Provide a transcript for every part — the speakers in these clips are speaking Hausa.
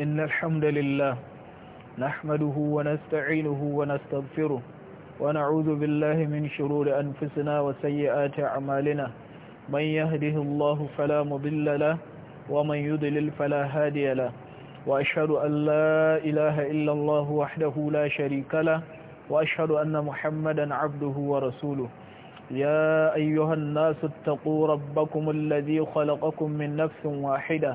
إن الحمد لله نحمده ونستعينه ونستغفره ونعوذ بالله من شرور أنفسنا وسيئات أعمالنا من يهده الله فلا مضل له ومن يضلل فلا هادي له وأشهد أن لا إله إلا الله وحده لا شريك له وأشهد أن محمدا عبده ورسوله يا أيها الناس اتقوا ربكم الذي خلقكم من نفس واحدة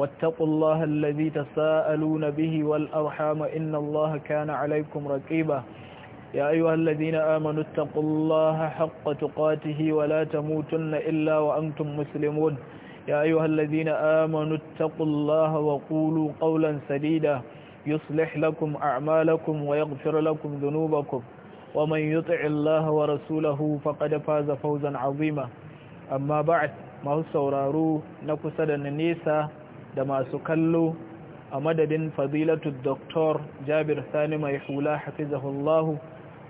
واتقوا الله الذي تساءلون به والأرحام إن الله كان عليكم رقيبا يا أيها الذين آمنوا اتقوا الله حق تقاته ولا تموتن إلا وأنتم مسلمون يا أيها الذين آمنوا اتقوا الله وقولوا قولا سديدا يصلح لكم أعمالكم ويغفر لكم ذنوبكم ومن يطع الله ورسوله فقد فاز فوزا عظيما أما بعد ما هو سورارو نكسد النيسى da masu kallo a madadin fadilatu doktor Jabir Sani mai hula hafizahullahu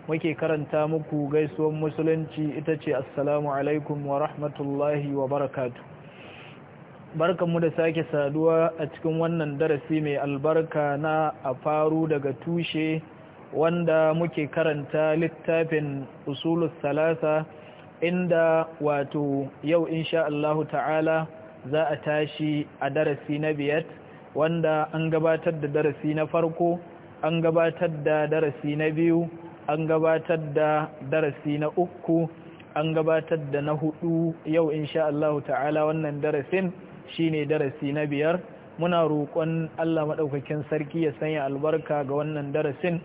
muke karanta muku gaisuwan musulunci ita ce assalamu alaikum wa rahmatullahi wa barakatu barkanmu da sake saduwa a cikin wannan darasi mai albarka na a faru daga tushe wanda muke karanta littafin usulus salasa inda wato yau insha Allahu ta'ala za a tashi a darasi na biyar wanda an gabatar da darasi na farko an gabatar da darasi na biyu an gabatar da darasi na uku an gabatar da na hudu yau insha Allah ta'ala wannan darasin shine darasi na biyar muna roƙon Allah maɗaukakin sarki ya sanya albarka ga wannan darasin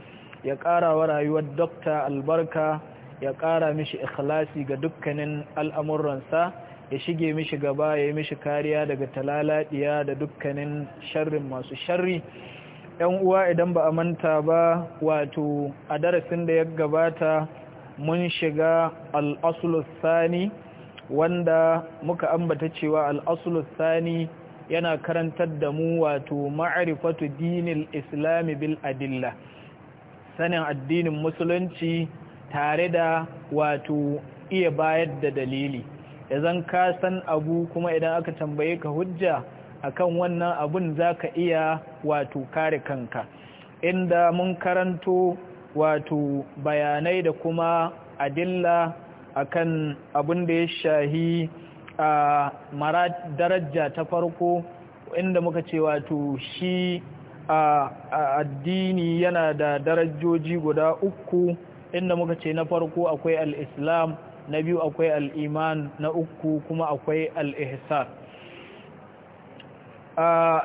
ya ƙara wa rayuwar dokta albarka ya ƙara mishi ikhlasi ga dukkanin al'amuransa ya shige mishi gaba ya yi mishi kariya daga talalaɗiya da dukkanin sharrin masu sharri yan uwa idan ba a manta ba wato a darasin da ya gabata mun shiga al'asulus wanda muka ambata cewa al'asulus yana karantar da mu wato ma'arifatu dinil islami bil adilla sanin addinin musulunci tare da wato iya bayar da dalili ya zan ka san abu kuma idan aka tambaye ka hujja akan wannan abun za ka iya wato kare kanka inda mun karanto wato bayanai da kuma adilla akan abun da ya shahi a mara daraja ta farko inda muka ce wato shi a addini yana da darajoji guda uku inda muka ce na farko akwai al-islam na biyu akwai al'iman na uku kuma akwai al'ihsan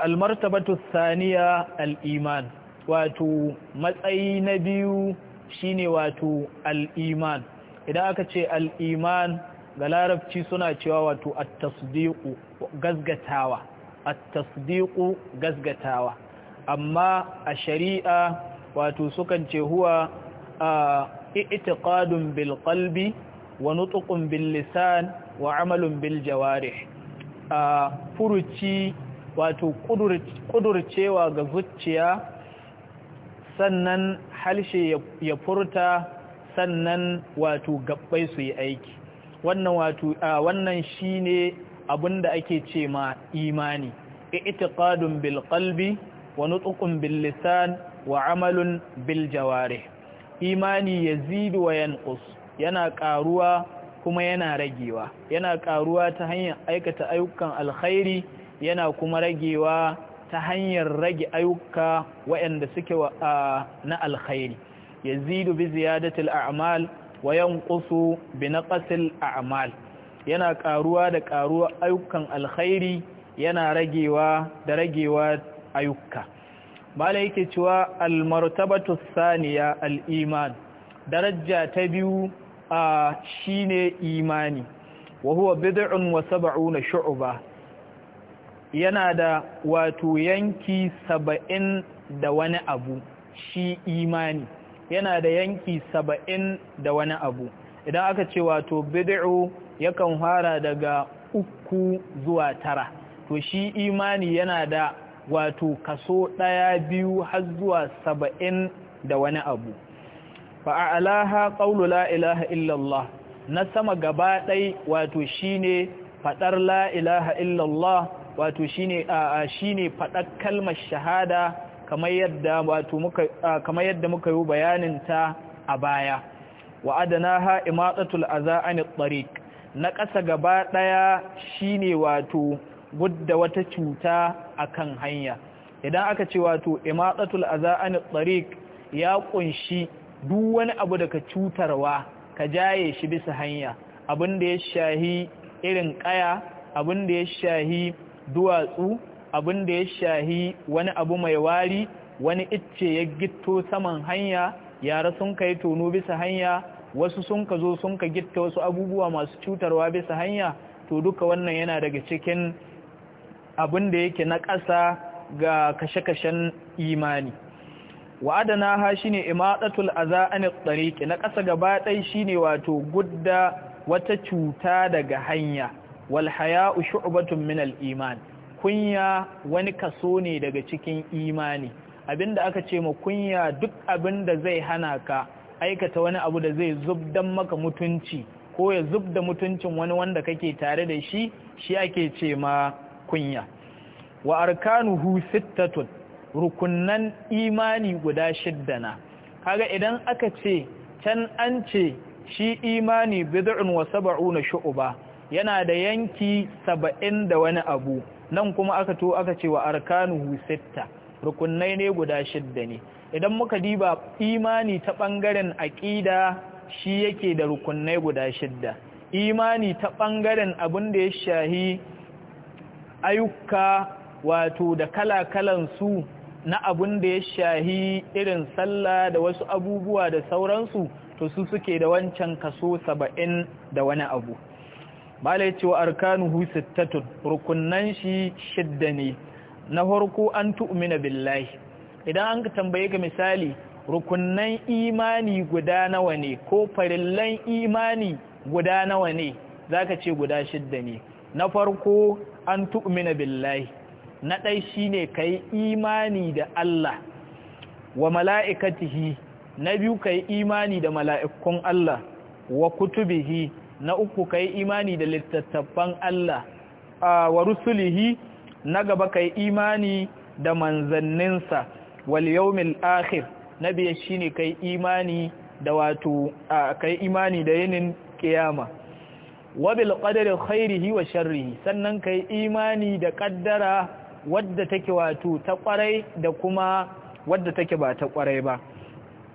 almartabatu saniya al'iman wato matsayi na biyu shine wato al'iman idan aka ce al'iman ga larabci suna cewa wato at-tasdiqu gazgatawa at gazgatawa amma a shari'a wato sukan ce huwa itiqadun bil qalbi wa nutqun bil lisan wa amalun bil jawarih a furuci wato kudurcewa ga zuciya sannan halshe ya furta sannan wato gabbai su yi aiki wannan wato wannan shine abinda ake ce ma imani i'tiqadun bil qalbi wa nutqun bil lisan wa amalun bil jawarih imani yazidu wa yanqus yana ƙaruwa kuma yana ragewa yana ƙaruwa ta hanyar aikata ayyukan alkhairi yana kuma ragewa ta hanyar rage ayyuka waɗanda suke na alkhairi yazidu bi ziyadatil a'mal wa yanqusu bi naqsil a'mal yana ƙaruwa da ƙaruwa ayyukan alkhairi yana ragewa da ragewa ayyuka bala yake cewa al-martabatu thaniya al-iman daraja ta biyu shi ne imani wahuwa huwa bid'un wa sab'una shu'ba yana da wato yanki saba'in da wani abu shi imani yana da yanki saba'in da wani abu idan aka ce wato bid'u yakan fara daga uku zuwa tara to shi imani yana da wato kaso ɗaya biyu har zuwa saba'in da wani abu fa'alaha ƙaunu la'ilaha illallah na sama gaba ɗai wato shi ne faɗar la'ilaha illallah wato shi ne shi ne faɗar kalmar shahada kamar yadda muka yi bayaninta a baya wa'adana ha imatsatul aza'anit tsarik na ƙasa gaba ɗaya shi ne wato gudda wata cuta a kan hanya idan aka ce wato imatsatul aza'anit tsarik ya ƙunshi duk wani abu da ka cutarwa ka jaye shi bisa hanya abin da ya shahi irin kaya abin da ya shahi duwatsu abin da ya shahi wani abu mai wari wani icce ya gitto saman hanya yara sun kai tono bisa hanya wasu sun ka zo sun ka gitta wasu abubuwa masu cutarwa bisa hanya to duka wannan yana daga cikin abin da yake na ƙasa ga kashe-kashen imani wa adana ha shine imadatul aza an na ƙasa gaba dai shine wato gudda wata cuta daga hanya wal haya'u shu'batun min al iman kunya wani kaso ne daga cikin imani abinda aka ce ma kunya duk abinda zai hana ka aikata wani abu da zai zub zubdan maka mutunci ko ya da mutuncin wani wanda kake tare da shi shi ake ce ma kunya wa arkanuhu sittatun rukunnan imani guda shidda na. kaga idan aka ce can an ce shi imani bid'un wa sab'una shu'ba yana da yanki saba'in da wani abu nan kuma aka to aka ce wa arkanuhu sitta rukunnai ne guda shidda ne idan muka diba imani ta ɓangaren aqida shi yake da rukunnai guda shidda imani ta ɓangaren abin da ya shahi ayyuka wato da kala-kalan su na abun da ya shahi irin sallah da wasu abubuwa da sauransu to su suke da wancan kaso saba'in da wani abu bala ya Arkanu wa arkanuhu rukunan shi shidda ne na farko an tu'mina billahi idan an ka tambaye ka misali rukunan imani guda nawa ne ko farillan imani guda nawa ne za ka ce guda shidda ne na farko an tu'mina billahi na ɗai shi ne ka imani da Allah wa mala'ikatihi na biyu ka yi imani da mala'ikun Allah wa kutubihi na uku ka yi imani da littattafan Allah wa rusulihi na gaba ka imani da manzanninsa wal yawmil akhir na biyar shi ne ka yi imani da wato ka imani da yinin kiyama wa bil qadari khairihi wa sharrihi sannan ka imani da kaddara wadda take wato ta kwarai da kuma wadda take ba ta kwarai ba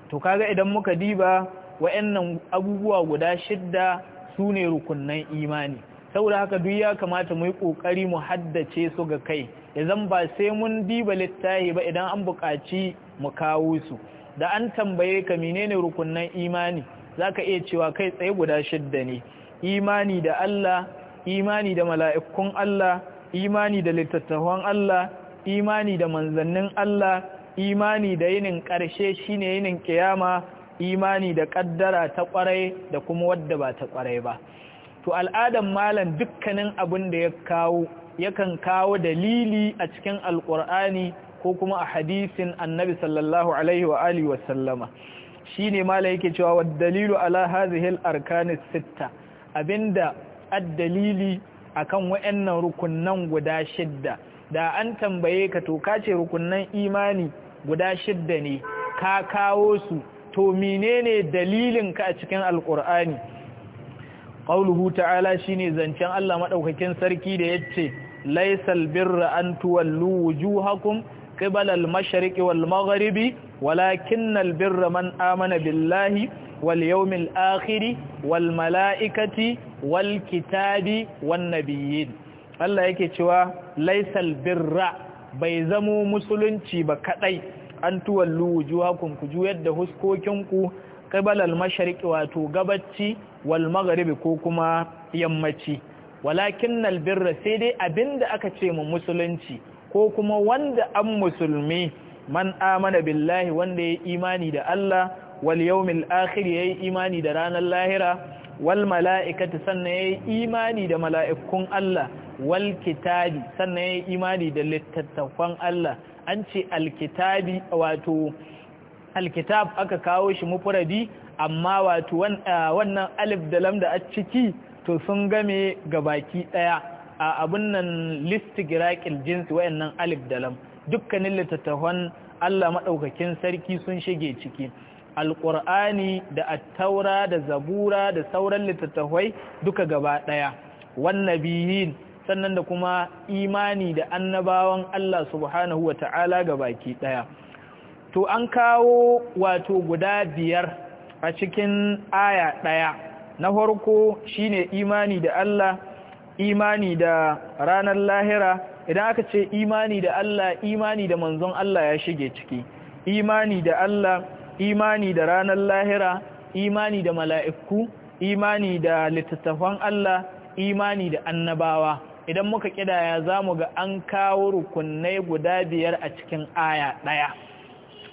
to kaga idan muka diba wa'annan abubuwa guda shidda sune ne rukunnan imani saboda haka duk ya kamata mu yi kokari mu haddace su ga kai idan ba sai mun diba littahi ba idan an buƙaci mu kawo su da an tambaye ka menene rukunnan imani zaka iya cewa kai tsaye guda shidda ne imani da Allah imani da mala'ikun Allah imani da littattafan Allah imani da manzannin Allah imani da yinin ƙarshe shine yinin kiyama imani da ƙaddara ta ƙwarai da kuma wadda ba ta ƙwarai ba to al'adan malam dukkanin abin da ya kawo yakan kawo dalili a cikin alƙur'ani ko kuma a hadisin annabi sallallahu alaihi wa alihi wa sallama shine malam yake cewa wa dalilu ala hadhihi al-arkan sitta abinda ad-dalili akan wayannan rukunnan guda shidda da an tambaye ka to ka ce rukunnan imani guda shidda ne ka kawo su to menene dalilin ka a cikin alkur'ani ƙauluhu ta'ala shine zancen Allah maɗaukakin sarki da yace laisal birra an tuwallu wujuhakum qibala al wal magharibi walakinnal birra man amana billahi wal yawmil akhiri wal mala'ikati wal kitabi wan nabiyyin Allah yake cewa laisal birra bai zamo musulunci ba kaɗai. an tuwallu wujuhakum ku juyar da huskokinku qibalal mashariqi wato gabacci wal magharibi ko kuma yammaci walakinnal birra sai dai abinda aka ce mu musulunci ko kuma wanda an musulmi man amana billahi wanda ya imani da Allah wal yawmil akhir yayi imani da ranar lahira wal malaikatu sannan yayi imani da mala'ikun Allah wal kitabi sannan yayi imani da littattafan Allah an ce alkitabi wato alkitab aka kawo shi mufradi amma wato wannan alif da lam da a ciki to sun game gabaki daya a abun nan listigiraqil jinsi wayannan alif da lam dukkanin littattafan Allah madaukakin sarki sun shige ciki alƙur'ani da attaura da zabura da sauran littattafai duka gaba ɗaya wannabiyin sannan da kuma imani da annabawan Allah subhanahu wa ta'ala baki ɗaya to an kawo wato guda biyar a cikin aya ɗaya na farko shine imani da Allah imani da ranar lahira idan aka ce imani da Allah imani da manzon Allah ya shige ciki imani da Allah imani da ranar lahira imani da mala'iku imani da littattafan Allah imani da annabawa idan muka kidaya za mu ga an kawo rukunai guda biyar a cikin aya ɗaya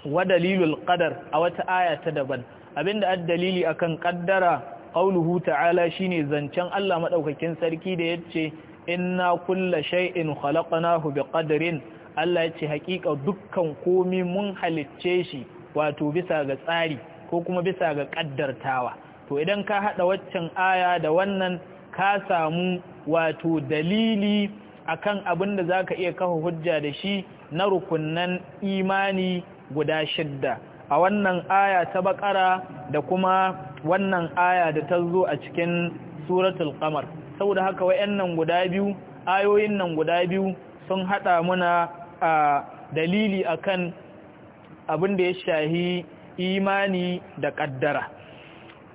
wa dalilul qadar a wata aya ta daban abinda dalili akan kaddara qauluhu ta'ala shine zancen Allah madaukakin sarki da yace inna kulla shay'in khalaqnahu biqadrin Allah yace hakika dukkan komai, mun halicce shi wato bisa ga tsari ko kuma bisa ga ƙaddartawa to idan ka haɗa waccan aya da wannan ka samu wato dalili akan abin da za ka iya kafa hujja da shi na rukunnan imani guda shidda a wannan aya ta bakara da kuma wannan aya da ta zo a cikin suratul qamar saboda haka wayannan guda biyu ayoyin nan guda biyu sun haɗa muna a dalili akan abin da ya shahi imani da kaddara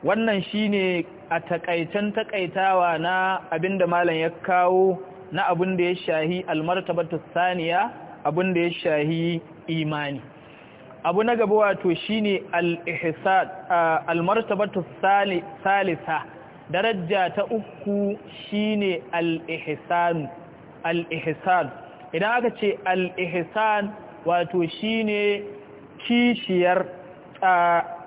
wannan shine a takaitan takaitawa na abin da malam ya kawo na abin da ya shahi almartabatu saniya abin da ya shahi imani abu na gaba wato shine al-ihsan almartabatu salisa daraja ta uku shine al-ihsan al-ihsan idan aka ce al-ihsan wato shine kishiyar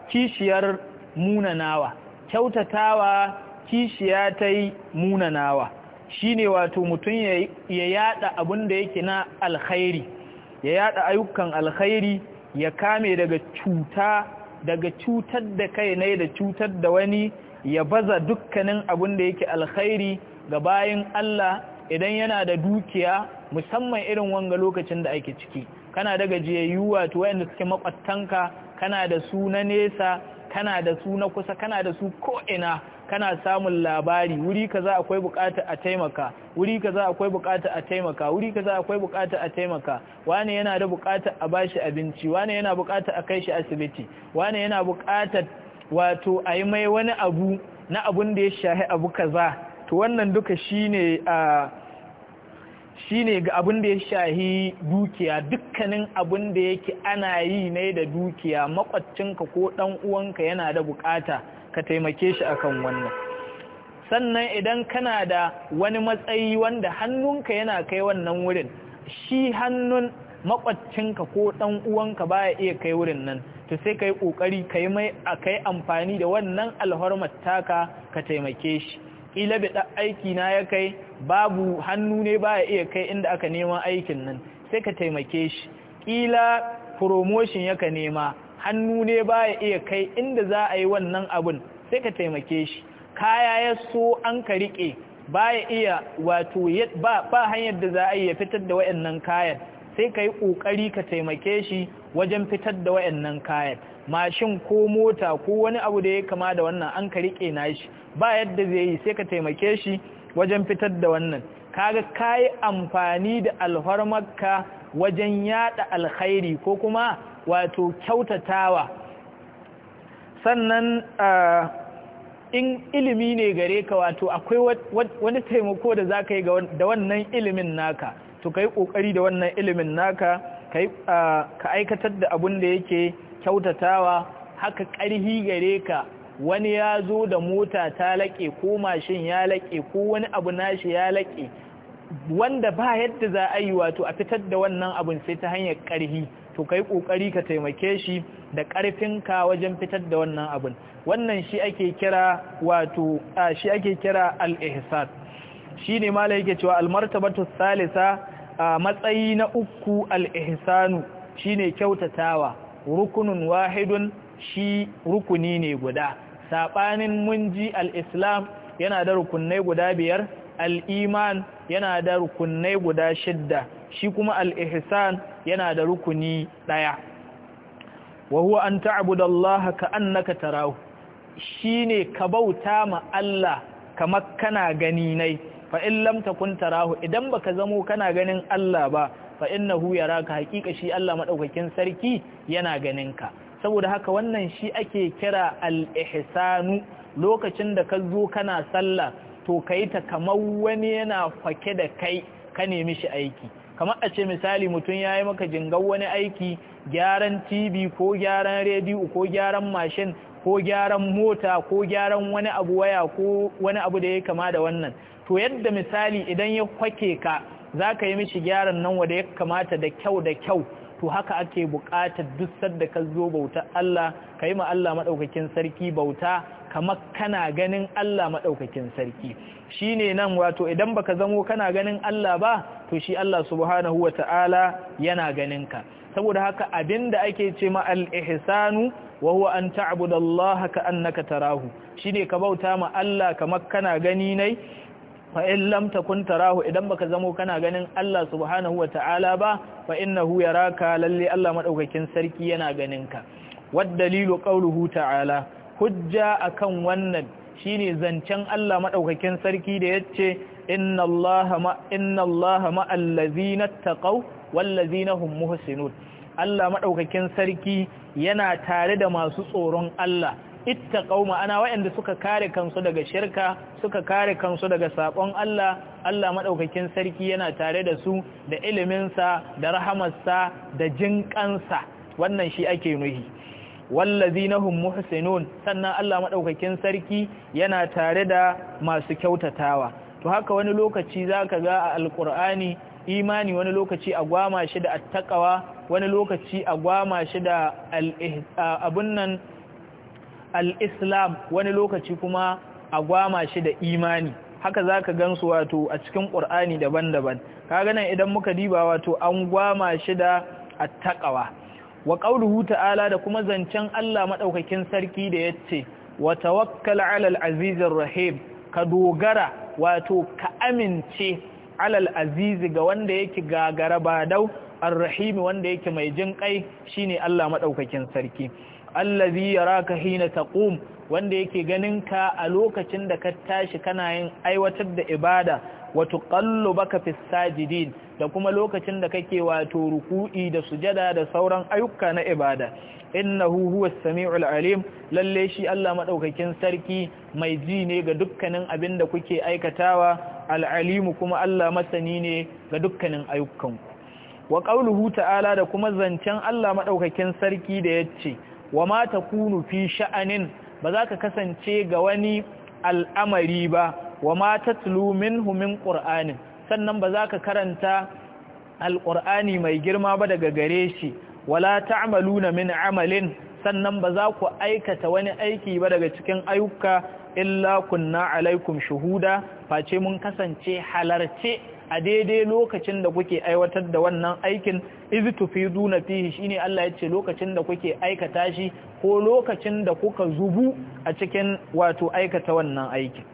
kishiyar munanawa kyautatawa kishiya ta yi munanawa shine wato mutum ya yada abin da yake na alkhairi ya yada ayyukan alkhairi ya kame daga cuta daga cutar da kai ne da cutar da wani ya baza dukkanin abun da yake alkhairi ga bayin Allah idan yana da dukiya musamman irin wanga lokacin da ake ciki kana da gajiyayyu wato wayanda suke makwattanka kana da su na nesa kana da su na kusa kana da su ko ina kana samun labari wuri kaza akwai bukata a taimaka wuri kaza akwai bukata a taimaka wuri kaza akwai bukata a taimaka wane yana da bukata a bashi abinci wane yana bukata a kai shi asibiti wane yana bukata wato a yi mai wani abu na abun da ya shahi abu kaza to wannan duka shine a ah, shine ga abin da ya shahi dukiya dukkanin abin da yake ana yi ne da dukiya makwacinka ko dan uwanka yana da bukata ka taimake shi akan wannan sannan idan kana da wani matsayi wanda hannunka yana kai wannan wurin shi hannun makwacinka ko dan uwanka baya iya kai wurin nan to sai kai kokari kai mai akai amfani da wannan alhormat taka ka taimake shi Ƙila bi da aiki na ya kai babu hannu ne baya iya kai inda aka nema aikin nan sai ka taimake shi Ƙila promotion yaka nema hannu ne baya iya kai inda za a yi wannan abun sai ka taimake shi kaya ya so an ka rike baya iya wato ba hanyar da za a yi fitar da wayannan kayan sai ka yi kokari ka taimake shi wajen fitar da wayannan kayan mashin ko mota ko wani abu da ya kama da wannan an ka rike shi ba yadda zai yi sai ka taimake shi wajen fitar da wannan kaga yi amfani da alfarmarka wajen yada alkhairi ko kuma wato kyautatawa sannan ah, in ilimi ne gare ka wato akwai wani taimako da za ka yi da wannan ilimin naka to ka yi ƙoƙari da wannan ilimin naka ka ah, aikatar da abun da yake kyautatawa haka ƙarhi gare ka wani ya zo da mota ta laƙe ko mashin ya laƙe ko wani abu nashi ya laƙe wanda ba yadda za a yi wato a fitar da wannan abin sai ta hanyar ƙarhi to kai ƙoƙari ka taimake shi da ƙarfinka wajen fitar da wannan abin wannan shi ake kira wato shi ake kira al-ihsan shine malai yake cewa al-martabatu thalitha matsayi na uku al-ihsanu shine kyautatawa Rukunin wahidun shi rukuni ne guda saɓanin munji al'islam yana da rukunai guda biyar al'iman yana da rukunai guda shidda shi kuma al'ihisan yana da rukuni ɗaya wahuwa an ta'abuda Allah ka tarahu shi ne ka bauta ma Allah kamar kana gani nai fa'in lamta kun tarahu idan baka zamo kana ganin Allah ba fa innahu yaraka haqiqa shi Allah maɗaukakin sarki yana ganin ka saboda haka wannan shi ake kira al-ihsanu lokacin da ka zo kana sallah to kai ta kamar wani yana fake da kai ka nemi shi aiki kamar a ce misali mutum ya yi maka jingan wani aiki gyaran tv ko gyaran rediyo ko gyaran mashin ko gyaran mota ko gyaran wani abu waya ko wani abu da ya kama da wannan to yadda misali idan ya kwake ka za ka yi mishi gyaran nan wanda ya kamata da kyau da kyau to haka ake bukatar duk da ka zo bauta Allah ka yi ma Allah maɗaukakin sarki bauta kamar kana ganin Allah maɗaukakin sarki shi ne nan wato idan baka zamo kana ganin Allah ba to shi Allah subhanahu wa ta'ala yana ganinka saboda haka abinda ake ce ma al-ihsanu wa huwa an ta'budallaha ka annaka tarahu shine ka bauta ma Allah kamar kana gani nai fa in lam tarahu idan baka zamo kana ganin Allah subhanahu ta'ala ba fa innahu raka lalle Allah maɗaukakin sarki yana ganin ka wad dalilu qawluhu ta'ala hujja akan wannan shine zancen Allah madaukakin sarki da yace inna Allaha inna wallazina hum muhsinun Allah madaukakin sarki yana tare da masu tsoron Allah kauma ana waɗanda suka kare kansu daga shirka suka kare kansu daga sakon Allah Allah madaukakin sarki yana tare da su da iliminsa da rahamarsa da jinkansa wannan shi ake nuhi wallazina hum muhsinun sannan Allah madaukakin sarki yana tare da masu kyautatawa to haka wani lokaci zaka ga a alqur'ani imani wani lokaci a gwama shi da attaqwa wani lokaci a gwama shi da abun nan Al'islam wani lokaci kuma a gwama shi da imani haka za ka gansu wato a cikin ƙur'ani daban-daban Ka nan idan muka diba wato an gwama shi da attaqawa wa qauluhu ta'ala da kuma zancen Allah maɗaukakin sarki da ya ce, wa tawakkal 'alal azizir rahim ka dogara wato ka amince 'alal azizi ga wanda yake gagara ba dau ar rahimi wanda yake mai jin kai shine Allah maɗaukakin sarki allazi yaraka hina taqum wanda yake ganin ka a lokacin da ka tashi kana yin aiwatar da ibada wa tuqallubaka fis sajidin da kuma lokacin da kake wato ruku'i da sujada da sauran ayyuka na ibada innahu huwas samiul alim lalle shi Allah madaukakin sarki mai ji ne ga dukkanin abin da kuke aikatawa al-alim kuma Allah masani ne ga dukkanin ayyukanku wa qauluhu ta'ala da kuma zancen Allah madaukakin sarki da yace wa ma takunu fi sha'anin ba za ka kasance ga wani al'amari ba wa ma ta minhu min ƙur'anin sannan ba za ka karanta alƙur'ani mai girma ba daga gare shi wala na min amalin sannan ba za ku aikata wani aiki ba daga cikin ayyuka illa kunna alaikum shuhuda face mun kasance halarce a daidai lokacin da kuke aiwatar da wannan aikin izi duna fihi shine Allah ya ce lokacin da kuke aikata shi ko lokacin da kuka zubu a cikin wato aikata wannan aikin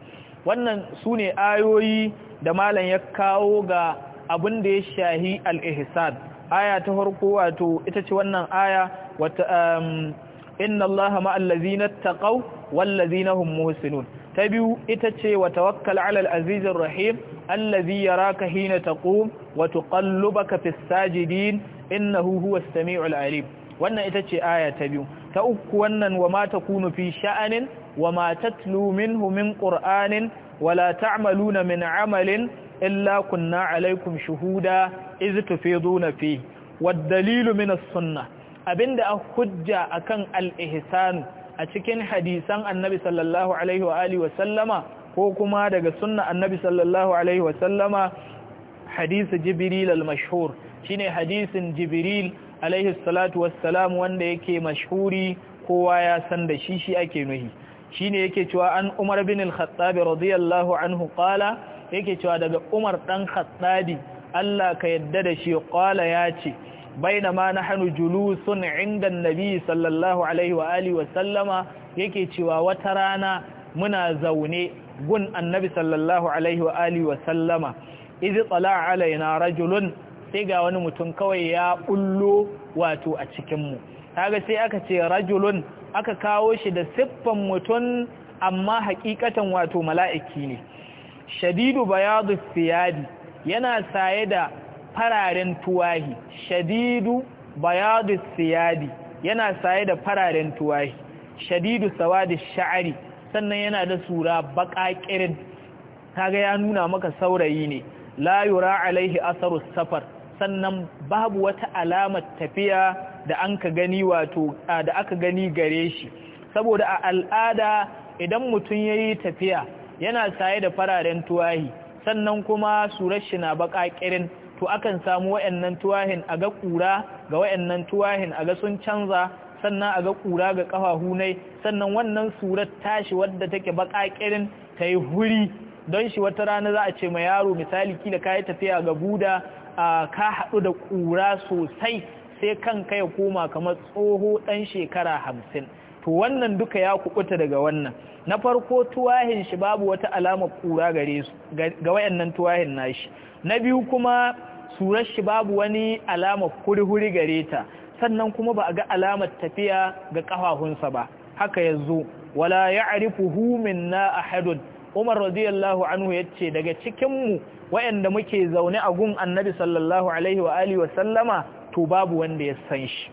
wannan su ne ayoyi da malam ya kawo ga abin da ya shahi al-ihsan aya ta farko wato ita ce wannan aya wata um, inna allaha ma'al na taqaw wal hum muhsinun ta biyu ita ce wa tawakkal alal azizir rahim allazi yaraka hina taqum wa tuqallubaka fis sajidin innahu huwas samiul alim wannan ita ce aya ta biyu ta uku wannan wa ma takunu fi sha'anin wa ma tatlu minhu min qur'anin wa la ta'maluna min 'amalin illa kunna 'alaykum shuhuda iz tufiduna fi wad dalilu min as-sunnah abinda a hujja akan al-ihsan a cikin hadisan annabi sallallahu alaihi wa alihi wa sallama ko kuma daga sunna annabi sallallahu alaihi wa sallama hadisi jibril al-mashhur shine hadisin jibril alaihi salatu wassalam wanda yake mashhuri kowa ya san da shi shi ake nuhi shine yake cewa an Umar bin al-Khattab radiyallahu anhu qala yake cewa daga Umar dan Khattabi Allah ka yadda da shi qala yace bainama nahnu julusun inda annabi sallallahu alaihi wa alihi wa sallama yake cewa wata rana muna zaune gun annabi sallallahu alaihi wa alihi wa sallama idh tala alaina rajulun sai ga wani mutum kawai ya bullo wato a cikin mu kaga sai aka ce rajulun aka kawo shi da siffan mutum amma hakikatan wato mala'iki ne shadidu bayadu siyadi yana saye da fararen tuwahi shadidu bayadu siyadi yana saye da fararen tuwahi shadidu sawadi sha'ari sannan yana da sura baƙaƙirin kaga ya nuna maka saurayi ne la yura alaihi asaru safar sannan babu wata alamar tafiya da an ka gani wato da aka gani gare shi saboda a al'ada idan mutum yayi tafiya yana saye da fararen tuwahi sannan kuma surar shi na baƙaƙirin to akan samu wayannan tuwahin a ga kura ga wayannan tuwahin a ga sun canza sannan a ga kura ga kafahu hunai, sannan wannan surat tashi wadda take bakakirin ta yi huri don shi wata rana za a ce ma yaro misali kila ka yi tafiya ga buda a ka haɗu da ƙura sosai sai kanka ya koma kamar tsoho ɗan shekara hamsin to wannan duka ya kubuta daga wannan na farko tuwahin shi babu wata alamar kura gare su ga wayannan tuwahin nashi na biyu kuma surar shi babu wani alamar kurhuri gare ta sannan kuma ba a ga alamar tafiya ga kafafunsa ba haka yanzu. wala ya'rifuhu minna ahadun Umar radiyallahu anhu yace daga cikin mu wayanda muke zaune a gun Annabi sallallahu alaihi wa alihi wa sallama to babu wanda ya san shi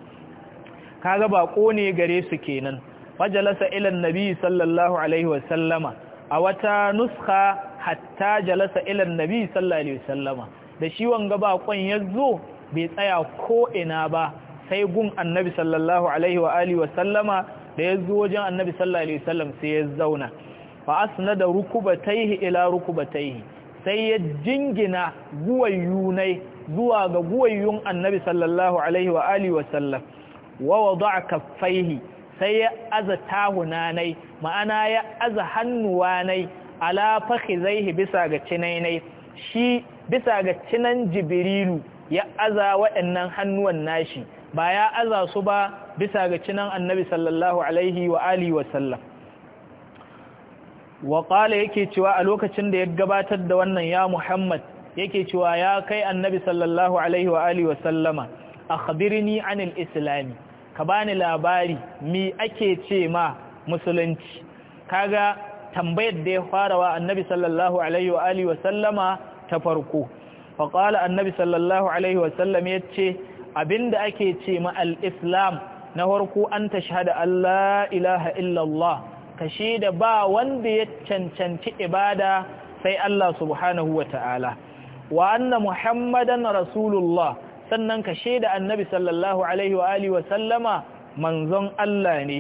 kaga bako ne gare su kenan majalasa ilan nabi sallallahu alaihi wasallama a wata nuska hatta jalasa ilan nabi sallallahu alaihi wasallama da shi wanga bakon ya zo bai tsaya ko ina ba sai gun annabi sallallahu alaihi wa alihi wasallama da ya zo wajen annabi sallallahu alaihi wasallam sai ya zauna fa asnada rukubataihi ila rukubataihi sai ya jingina guwayunai zuwa ga guwayun annabi sallallahu alaihi wa alihi wasallam wa wada'a kaffaihi sai ya aza tahunanai ma'ana ya aza hannuwanai ala hi bisa ga cinainai shi bisa ga cinan jibrilu ya aza waɗannan hannuwan nashi ba ya aza su ba bisa ga cinan annabi sallallahu alaihi wa alihi wa sallam wa yake cewa a lokacin da ya gabatar da wannan ya muhammad yake cewa ya kai annabi sallallahu alaihi wa alihi wa sallama akhbirni anil islami ka bani labari mi ake ce ma musulunci kaga tambayar da ya fara wa annabi sallallahu alaihi wa alihi wa sallama ta farko fa qala annabi sallallahu alaihi wa sallam yace abinda ake ce ma al-islam na farko an shahada Allah ilaha illallah ka da ba wanda ya cancanci ibada sai Allah subhanahu wa ta'ala wa anna muhammadan rasulullah sannan ka shaida annabi sallallahu alaihi wa alihi wa sallama manzon Allah ne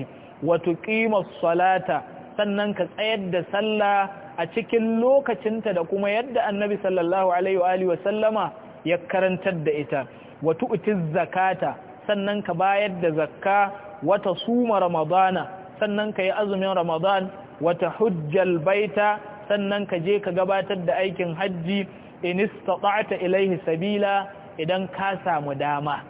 wa tuqimus salata sannan ka tsayar da sallah a cikin lokacinta da kuma yadda annabi sallallahu alaihi wa alihi wa sallama ya karantar da ita wa tu'tiz zakata sannan ka bayar da zakka wa tasuma ramadana sannan ka yi azumin ramadan wa tahujjal baita sannan ka je ka gabatar da aikin hajji in istata'ta ilaihi sabila idan ka samu dama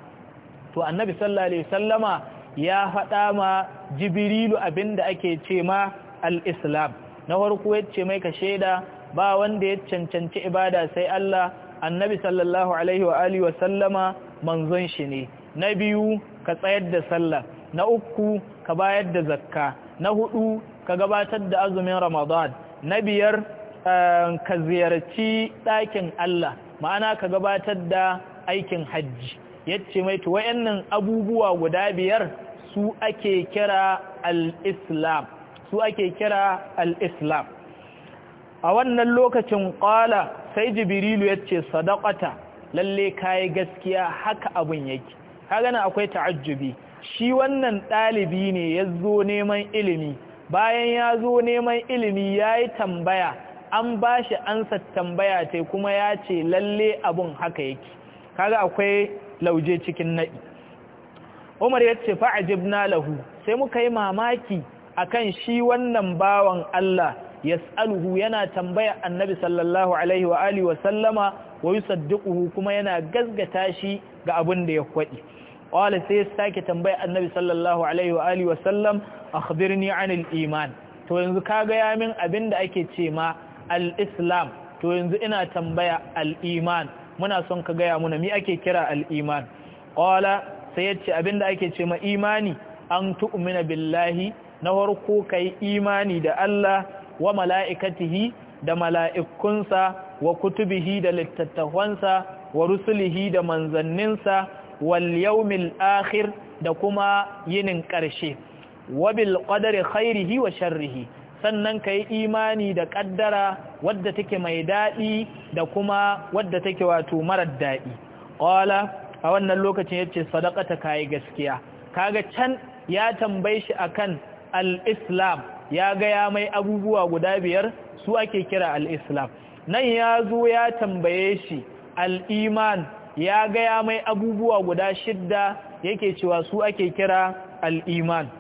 to annabi sallallahu alaihi wasallama ya faɗa ma jibrilu abinda ake ce ma al-islam na farko yace mai ka sheda ba wanda ya cancanci ibada sai Allah annabi sallallahu alaihi wa alihi wasallama manzon shi ne na biyu ka tsayar da sallah na uku ka bayar da zakka na hudu ka gabatar da azumin ramadan na biyar eh, ka ziyarci ɗakin Allah ma'ana ka gabatar da aikin hajji yace mai to wayannan abubuwa guda biyar su ake kira al-islam su ake kira al-islam a wannan lokacin qala sai jibrilu yace sadaqata lalle kai gaskiya haka abun yake kaga akwai ta'ajjubi shi wannan dalibi ne yazo neman ilimi bayan ya zo neman ilimi ya yi tambaya an ba shi ansa tambaya ta kuma ya ce lalle abun haka yake kaga akwai lauje cikin naɗi umar ya ce fa'ajibna lahu sai muka yi mamaki akan shi wannan bawan Allah yas'aluhu yana tambaya annabi sallallahu alaihi wa alihi wa sallama wa yusaddiquhu kuma yana gazgata shi ga abin da ya kwaɗi. wala sai ya sake tambaya annabi sallallahu alaihi wa alihi wa sallam akhbirni anil iman to yanzu kaga ya min abin da ake ce ma al-islam to yanzu ina tambaya al-iman muna son ka gaya muna mi ake kira al'iman ƙwala sai yace abinda ake ce ma imani an tu'mina billahi na farko yi imani da Allah wa mala'ikatihi da mala'ikunsa wa kutubihi da littattafansa wa rusulihi da manzanninsa wal yaumil akhir da kuma yinin ƙarshe wa bil qadari khairihi wa sharrihi sannan ka yi imani da ƙaddara wadda take mai daɗi da kuma wadda take wato marar daɗi ƙwala a wannan lokacin yace ce sadakata ka yi gaskiya kaga can ya tambaye shi akan al-islam ya gaya mai abubuwa guda biyar su ake kira al-islam nan ya zo ya tambaye shi al-iman ya gaya mai abubuwa guda shidda yake cewa su ake kira al-iman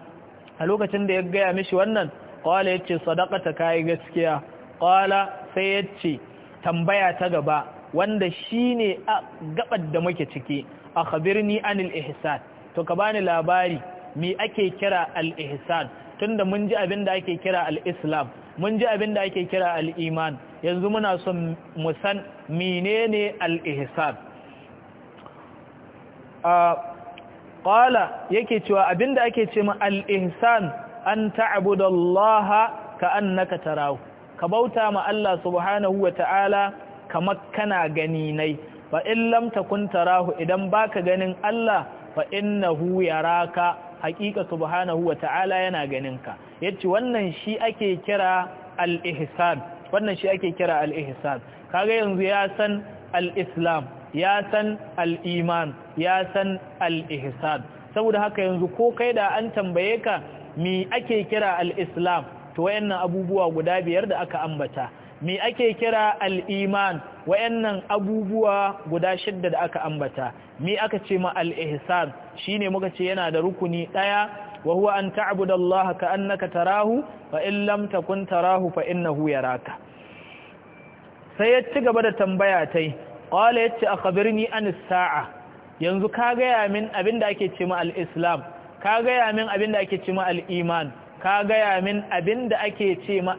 a lokacin da ya gaya mishi wannan ya ce yace ta kayi gaskiya Kwala sai ya ce tambaya ta gaba wanda shi a gabar da muke ciki a akhbirni an ihsan to ka bani labari me ake kira al'ihisan tun tunda mun ji abin da ake kira al'islam mun ji abin da ake kira al'iman yanzu muna son musan san menene al'ihisan Kwala ah, yake cewa abin da ake ce ma an ta'budallaha ka'annaka tarahu ka bauta ma Allah subhanahu wa ta'ala kamar kana gani nai ba in lam takun tarahu idan baka ganin Allah fa innahu yaraka haƙiƙa subhanahu wa ta'ala yana ganinka yaci wannan shi ake kira al-ihsan wannan shi ake kira al kaga yanzu ya san al-islam ya san al-iman ya san al-ihsan saboda haka yanzu ko kai da an tambaye ka mi ake kira al-islam to wayannan abubuwa guda biyar da aka ambata mi ake kira al-iman wayannan abubuwa guda shidda da aka ambata mi aka ce ma al-ihsan ne muka ce yana da rukuni ɗaya wa huwa an ta'budallaha ka'annaka tarahu fa in lam takun tarahu fa ya raka. sai ya ci gaba da tambaya tai qala yace akhbirni an as-sa'a yanzu ka gaya min min abinda ake ce ma al-islam ka gaya min abin da ake ce al al'iman ka gaya min abin da ake ce ma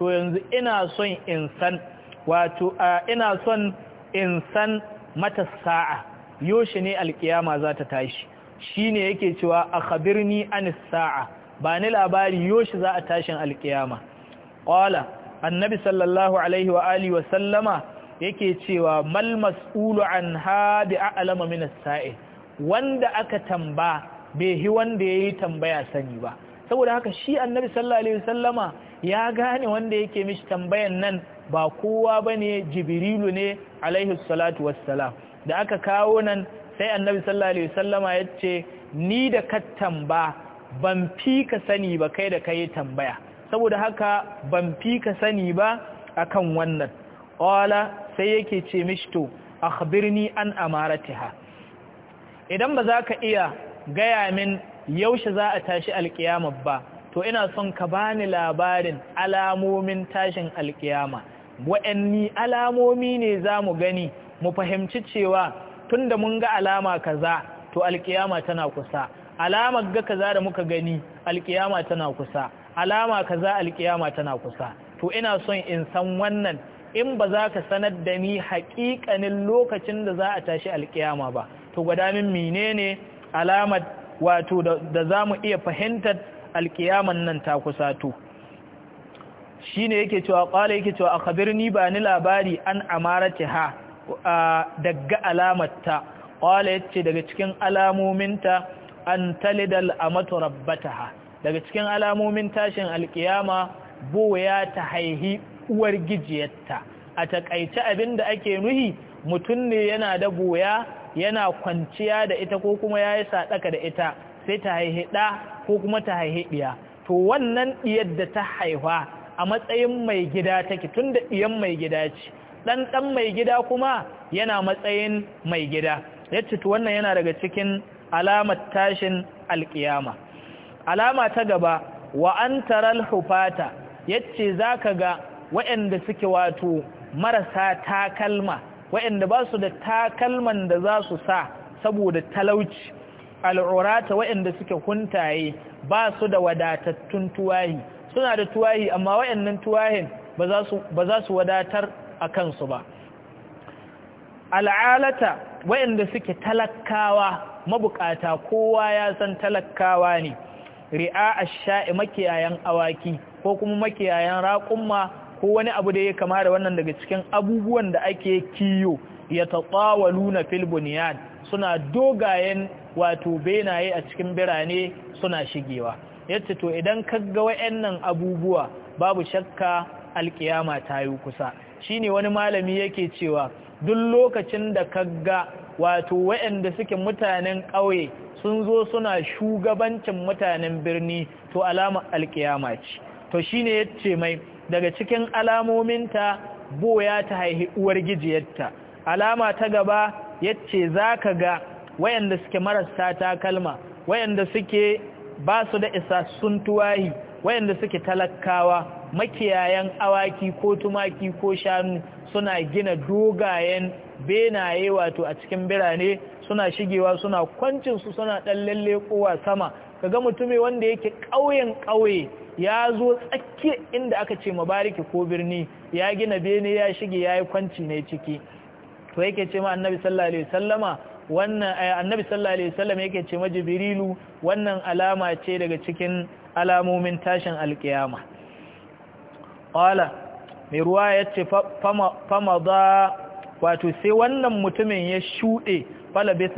to yanzu ina son san, wato ina son in san mata sa'a yoshi ne alkiyama za ta tashi shi ne yake cewa a khabirni an sa'a ba ni labari yoshi za a tashin alkiyama ƙwala annabi sallallahu alaihi wa alihi yake cewa mal mas'ulu an ha bi a'lama min as wanda aka tamba bai hi wanda ya yi tambaya sani ba saboda haka shi annabi sallallahu alaihi wasallama ya gane wanda yake mishi tambayan nan ba kowa ba ne jibrilu ne alaihi salatu wassalam da aka kawo nan sai annabi sallallahu alaihi wasallama ya ce ni da ka tamba ban fi ka sani ba kai da kai yi tambaya saboda haka ban fi ka sani ba akan wannan wala sai yake ce mishi to akhbirni an amaratiha idan ba za ka iya gaya min yaushe za a tashi alkiyama ba to ina son ka bani labarin alamomin tashin alkiyama wa'anni alamomi ne za mu gani mu fahimci cewa tun da mun ga alama kaza to alkiyama tana kusa alamar ga kaza da muka gani alkiyama tana kusa alama kaza alkiyama tana kusa to ina son in san wannan in ba za ka sanar da ni haƙiƙanin lokacin da za a tashi alkiyama ba to gwada min menene alamar wato da za mu iya fahimtar alkiyaman nan ta kusa to shi ne yake cewa ƙwala yake cewa a kabirni ba ni labari an ce ha daga alamarta ƙwala ya ce daga cikin alamominta an talidal amatu rabbata ha daga cikin alamomin tashin alkiyama boya ta haihi uwar gijiyarta a takaice abin da ake nuhi mutum ne yana da boya yana kwanciya da ita ko kuma ya yi saɗaka da ita sai ta haihi ɗa ko kuma ta haihi ɗiya to wannan ɗiyar da ta haifa a matsayin mai gida take tun da ɗiyan mai gida ce ɗan ɗan mai gida kuma yana matsayin mai gida ya to wannan yana daga cikin alamar tashin alƙiyama alama ta gaba wa an taral yace za ka ga waɗanda suke wato marasa takalma waɗanda ba su da takalman da za su sa saboda talauci al'urata wa'inda suke huntaye ba su da wadatattun tuwahi suna da tuwahi amma wa'annan tuwahin ba za su wadatar a kansu ba al'alata waɗanda suke talakawa mabukata kowa ya san talakawa ne ri'a a shai makiyayan awaki ko kuma makiyayan raƙumma ko wani abu da ya kama da wannan daga cikin abubuwan da ake kiyo ya tatsawaluna luna bunyan suna dogayen wato benaye a cikin birane suna shigewa yadda to idan kaga wayannan abubuwa babu shakka alkiyama ta yi kusa shi ne wani malami yake cewa duk lokacin da kaga wato wayanda suke mutanen ƙauye sun zo suna shugabancin mutanen birni to alama alkiyama ce to shi shine yace mai daga cikin alamominta boya ta haihi uwar gijiyarta alama ta gaba yace ka ga wayanda suke marasta takalma wayanda suke ba su da isassun tuwahi wayanda suke talakawa makiyayan awaki ko tumaki ko shanu suna gina dogayen benaye wato a cikin birane suna shigewa suna kwancin su suna dan kowa sama ga mutumi wanda yake ƙauyen ƙauye ya zo tsakiyar inda aka ce mabariki ko birni ya gina bene ya shige ya yi kwanci ne ciki to yake ce ma annabi sallallahu alaihi wasallama wannan eh, annabi sallallahu alaihi wasallam yake ce ma jibrilu wannan alama ce daga cikin alamomin tashin alkiyama qala mai ruwa ya ce fama da wato sai wannan mutumin ya shuɗe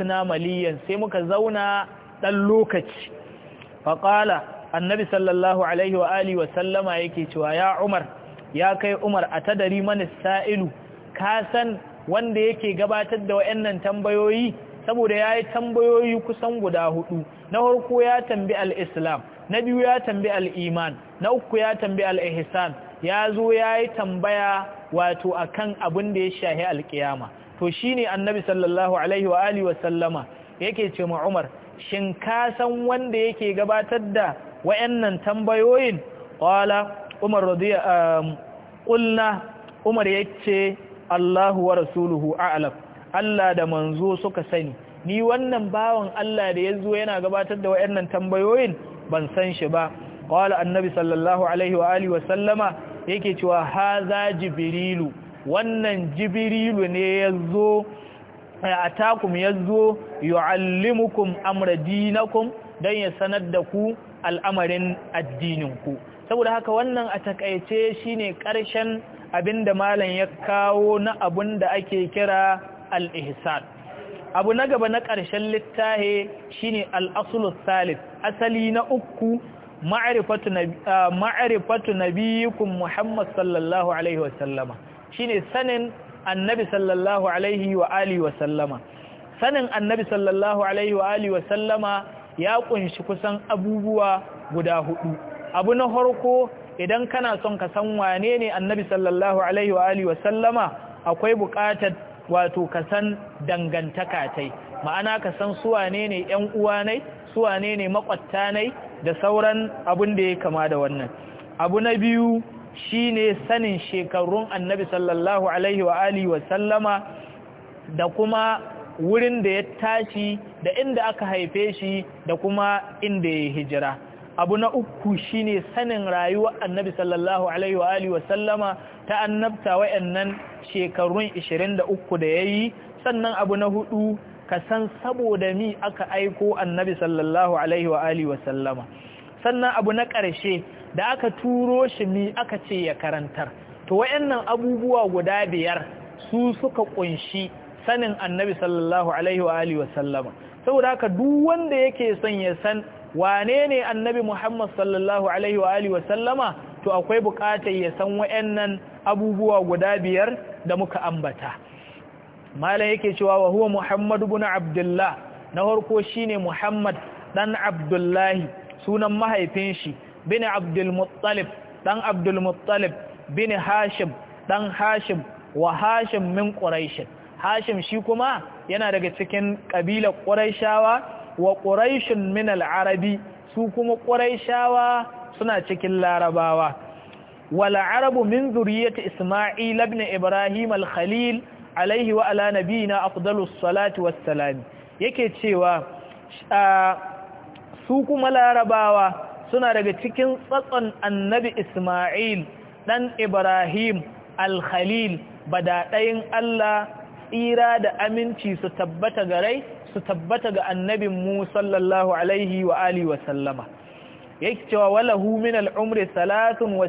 na maliyan sai muka zauna ɗan lokaci faƙala annabi sallallahu alaihi wa alihi wa sallama yake cewa ya umar ya kai umar a tadari mana sa'ilu ka san wanda yake gabatar da wayannan tambayoyi saboda yayi tambayoyi kusan guda hudu na farko ya tambi al-islam na biyu ya tambi al-iman na uku ya tambi al-ihsan ya zo yayi tambaya wato akan abin da ya shahi al-qiyama to shine annabi sallallahu alaihi wa alihi wa sallama yake ce ma umar shin ka san wanda yake gabatar da wayannan tambayoyin qala umar radiya qulna um, umar yace Allahu wa rasuluhu a'lam Allah da manzo suka sani ni wannan bawan Allah da yazo yana gabatar da wayannan tambayoyin ban san shi ba qala annabi sallallahu alaihi wa alihi wa sallama yake cewa haza jibrilu wannan jibrilu ne yazo takum yazo yuallimukum amra dinakum dan ya sanar da ku al'amarin addininku saboda haka wannan a takaice shine ƙarshen abinda malam ya kawo na abun da ake kira al'ihisan abu na gaba na ƙarshen littahe shine al-aslu asali na uku ma'rifatu ma'rifatu nabiyikum muhammad sallallahu alaihi wa sallama shine sanin annabi sallallahu alaihi wa alihi sanin annabi sallallahu alaihi wa alihi ya kunshi kusan abubuwa guda hudu abu na farko idan kana son ka san wane ne annabi sallallahu alaihi wa alihi wasallama akwai buƙatar wato ka san dangantaka tai ma'ana ka san su wane ne uwa nai su wane ne makwatta nai da sauran abun da ya kama da wannan abu na biyu shine sanin shekarun annabi sallallahu alaihi wa alihi wasallama da kuma wurin da ya tashi da inda aka haife shi da kuma inda ya hijira abu na uku shine sanin rayuwar annabi sallallahu alaihi wa alihi sallama ta annabta wayannan shekarun 23 da yayi sannan abu na hudu ka san saboda mi aka aiko annabi sallallahu alaihi wa alihi sallama sannan abu na ƙarshe da aka turo shi mi aka ce ya karantar to wayannan abubuwa guda biyar su suka kunshi sanin annabi sallallahu alaihi wa alihi wa sallama saboda haka duk wanda yake son ya san wane ne annabi Muhammad sallallahu alaihi wa alihi sallama to akwai bukatar ya san wayannan abubuwa guda biyar da muka ambata Malam yake cewa wa huwa Muhammad ibn Abdullah na farko shine Muhammad dan Abdullahi sunan mahaifin shi bin Abdul Muttalib dan Abdul Muttalib bin Hashim dan Hashim wa Hashim min Quraish hashim shi kuma yana daga cikin ƙabilar ƙuraishawa wa ƙuraishin min al'arabi su kuma ƙuraishawa suna cikin larabawa wal arabu min zuriyati isma'il ibn ibrahim al-khalil alaihi wa ala yake cewa su kuma larabawa suna daga cikin tsatson annabi isma'il dan ibrahim al-khalil badaɗayin Allah tsira da aminci su tabbata ga rai su tabbata ga annabin mu sallallahu alaihi wa alihi wa sallama yake cewa walahu min al'umri salatun wa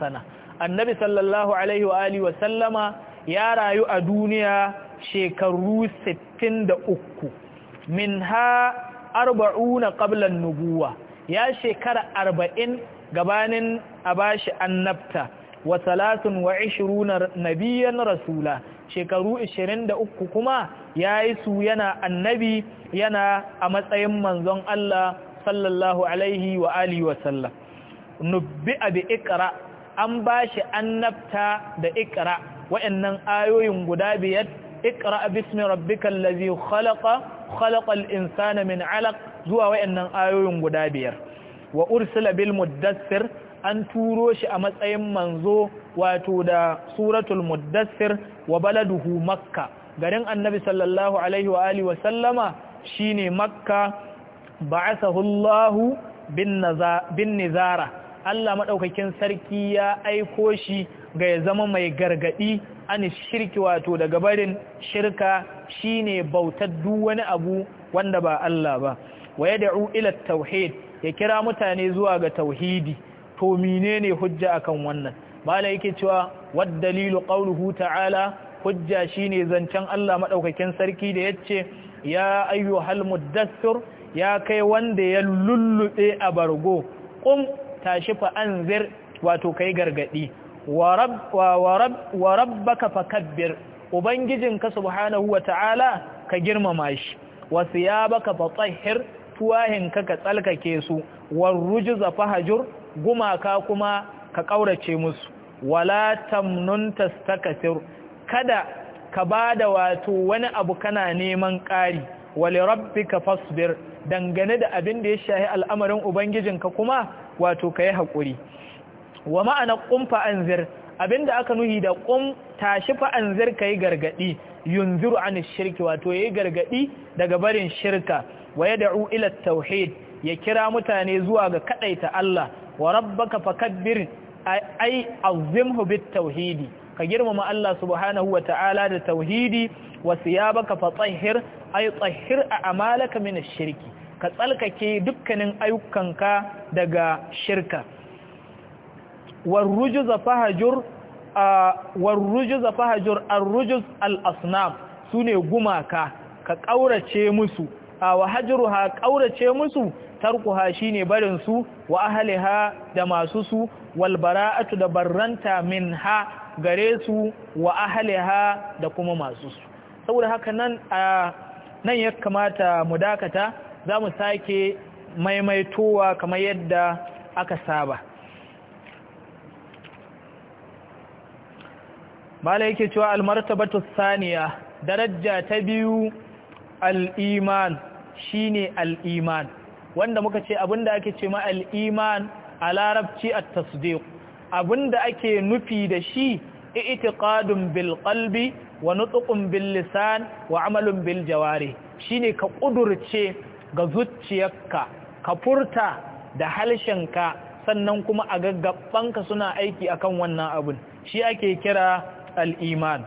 sana annabi sallallahu alaihi wa alihi wa sallama ya rayu a duniya shekaru 63 minha arba'una qabla an-nubuwa ya shekara 40 gabanin a bashi annabta wa salatun wa nabiyan rasula shekaru 23 kuma ya yi su yana annabi yana a matsayin manzon Allah sallallahu alaihi wa alihi wa sallam nubbi abi ikra an bashi annabta da ikra Waɗannan ayoyin guda biyar ikra bismi rabbikal ladhi khalaqa khalaqal insana min 'alaq zuwa waɗannan ayoyin guda biyar wa ursila bil muddassir an turo shi a matsayin manzo wato da suratul muddassir wa baladuhu makka garin annabi sallallahu alaihi wa alihi wa sallama shine makka ba'athahu Allah bin nizara Allah madaukakin sarki ya aiko shi ga ya zama mai gargadi an shirki wato daga barin shirka shine bautar duk wani abu wanda ba Allah ba wa yad'u ila tauhid ya kira mutane zuwa ga tauhidi to menene hujja akan wannan malai yake cewa والدليل قوله تعالى حجة شيني زنشان الله مدعوك كن سركي ديتش يا أيها المدثر يا كي واند يلل أبرغو قم تاشف أنذر واتوكي قرقدي ورب ورب وربك فكبر وبنجزنك سبحانه وتعالى كجرم ماش وثيابك فطهر تواهنك كتلك كيسو والرجز فهجر gumaka kuma ka ƙaurace musu wala tamnun tastakathir kada ka bada wato wani abu kana neman ƙari wali rabbika fasbir dangane da abin da ya shahi al'amarin ubangijin ka kuma wato kai hakuri wa ma'ana ƙun fa'anzir abin abinda aka nuhi da ƙun tashi fa'anzir ka yi gargadi yunziru an shirki wato ya yi gargaɗi daga barin shirka wa yad'u da'u ila tauhid ya kira mutane zuwa ga kaɗaita Allah wa rabbaka fakabbir ai azimhu bit tauhidi ka girmama Allah subhanahu wa ta'ala da tauhidi wa siyabaka fa tsahhir ay tsahhir a'malaka min ash-shirki ka tsalkake dukkanin ayyukanka daga shirka warrujuz fahajur warrujuz fahajur arrujuz al-asnam sune gumaka ka kaurace musu wa hajruha kaurace musu tarkuha shine barin su wa ahliha da masu su wal bara'atu da barranta ha gare su wa ahali ha da kuma masu su saboda haka nan nan ya kamata mu dakata za mu sake maimaitowa kamar yadda aka saba bala yake cewa almartabatu saniya daraja ta biyu al'iman shine al'iman wanda muka ce abinda ake ce ma al'iman a larabci a tasdiq abinda ake nufi da shi i'tiqadun bil qalbi wa nutqun bil lisan wa amalin bil jawari shine ka ƙudurce ga zuciyarka ka furta da harshenka sannan kuma a gaggabanka suna aiki akan wannan abin, shi ake kira al iman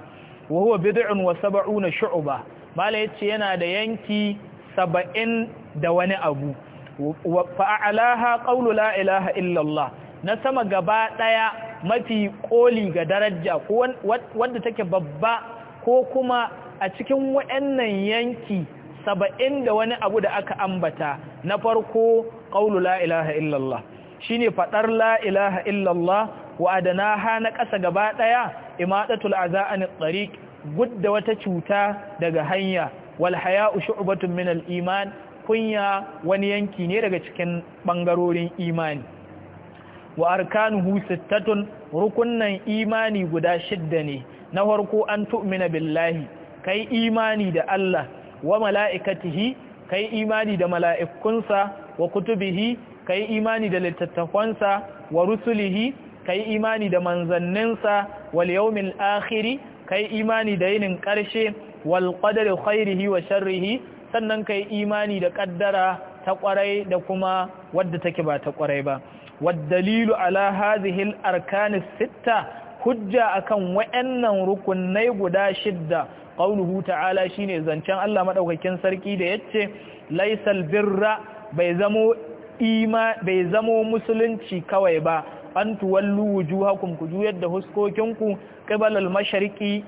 wa huwa bid'un wa sab'una shu'ba mala yace yana da yanki 70 da wani abu fa'alaha qawlu la ilaha illallah na sama gaba mafi koli ga daraja ko take babba ko kuma a cikin waɗannan yanki saba'in da wani abu da aka ambata na farko qawlu la ilaha illallah shine faɗar la ilaha illallah wa na ƙasa gaba daya imadatul azaan at-tariq wata cuta daga hanya wal haya'u shu'batun min al-iman kunya wani yanki ne daga cikin ɓangarorin imani wa arkanuhu sittatun rukunnan imani guda shidda ne na farko an tu'mina billahi kai imani da Allah wa mala'ikatihi kai imani da mala'ikunsa wa kutubihi kai imani da littattafansa wa rusulihi kai imani da manzanninsa wal yawmil akhiri kai imani da yinin ƙarshe wal qadari khairihi wa sharrihi sannan ka yi imani da ƙaddara ta ƙwarai da kuma wadda take ba ta ƙwarai ba waddalilu ala hazihil arkanis sitta hujja akan wa'annan rukunai guda shidda qauluhu ta'ala shine zancen Allah madaukakin sarki da yace laisal birra bai zamo ima bai zamo musulunci kawai ba an tuwallu wujuhakum ku juyar da huskokinku qibala al-mashriqi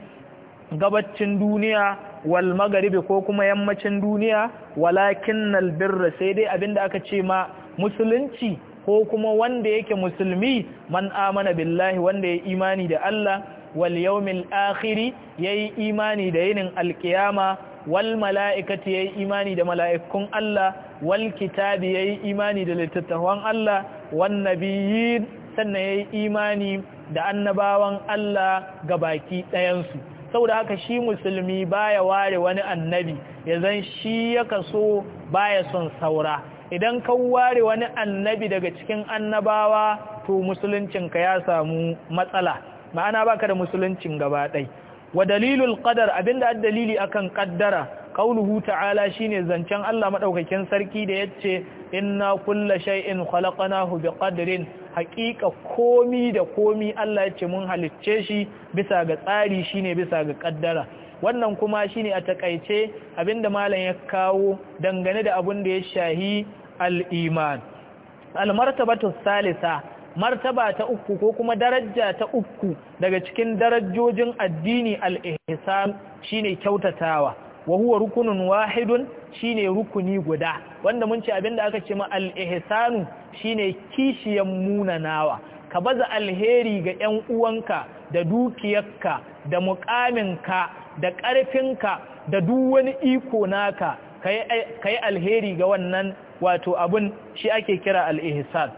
gabacin duniya wal magharibi ko kuma yammacin duniya walakinnal birra sai dai abinda aka ce ma musulunci ko kuma wanda yake musulmi man amana billahi wanda ya imani da Allah wal yawmil akhiri yayi imani da yinin alkiyama wal mala'ikati yayi imani da mala'ikun Allah wal kitabi yayi imani da littattafan Allah wan nabiyyin sannan yayi imani da annabawan Allah gabaki ɗayansu saboda haka shi musulmi baya ware wani annabi ya zan shi ya kaso baya son saura idan ka ware wani annabi daga cikin annabawa to ka ya samu matsala ma'ana baka da musuluncin gaba dai wa dalilul qadar abinda dalili akan qaddara qauluhu ta'ala shine zancen Allah madaukakin sarki da yace inna kullu shay'in khalaqnahu biqadrin haƙiƙa komi da komi Allah ya ce mun halicce shi bisa ga tsari shine bisa ga ƙaddara wannan kuma shine a takaice abinda malam ya kawo dangane da abun da ya shahi al-iman al-martabatu salisa martaba ta uku ko kuma daraja ta uku daga cikin darajojin addini al-ihsan shine kyautatawa wa huwa rukunun wahidun Shi ne rukuni guda wanda mun ce da aka ce ma al-ihsanu ne kishiyan munanawa ka baza alheri ga yan uwanka da dukiyarka da muƙaminka da ƙarfinka da duk wani iko naka kai alheri ga wannan wato abun shi ake kira al-ihsan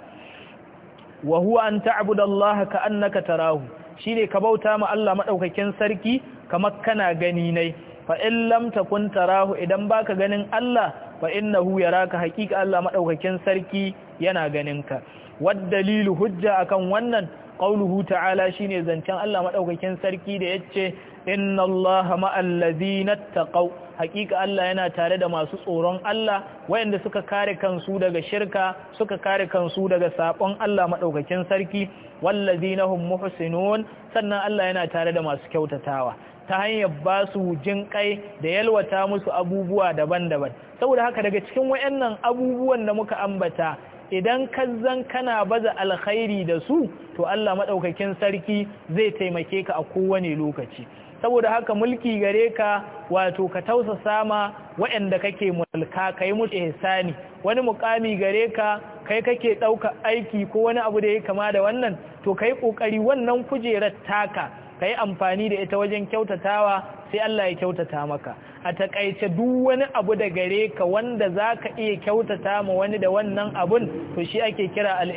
wa huwa an ka annaka tarahu ne ka bauta ma Allah madaukakin sarki kamar kana gani nai fa in lam tarahu idan baka ganin Allah fa ya raka hakika Allah maɗaukakin sarki yana ganin ka wad dalilu hujja akan wannan qauluhu ta'ala shine zancen Allah maɗaukakin sarki da yace inna Allaha ma'al ladina taqaw hakika Allah yana tare da masu tsoron Allah wayanda suka kare kansu daga shirka suka kare kansu daga sabon Allah madaukakin sarki wallazinahum muhsinun sannan Allah yana tare da masu kyautatawa ta hanyar ba su jin kai da yalwata musu abubuwa daban-daban saboda haka daga cikin wayannan abubuwan da muka ambata idan kazzan kana baza alkhairi da su to Allah madaukakin sarki zai taimake ka a kowane lokaci saboda haka mulki gare ka wato ka tausasa ma waɗanda kake mulka yi mutu ihsani wani mukami gare ka kai kake ɗauka aiki ko wani abu da ya kama da wannan to kai ƙoƙari wannan kujerar taka ka yi amfani da ita wajen kyautatawa sai Allah ya kyautata maka a taƙaice duk wani abu da gare ka wanda ka iya kyautata ma wani da wannan abun to shi ake kira al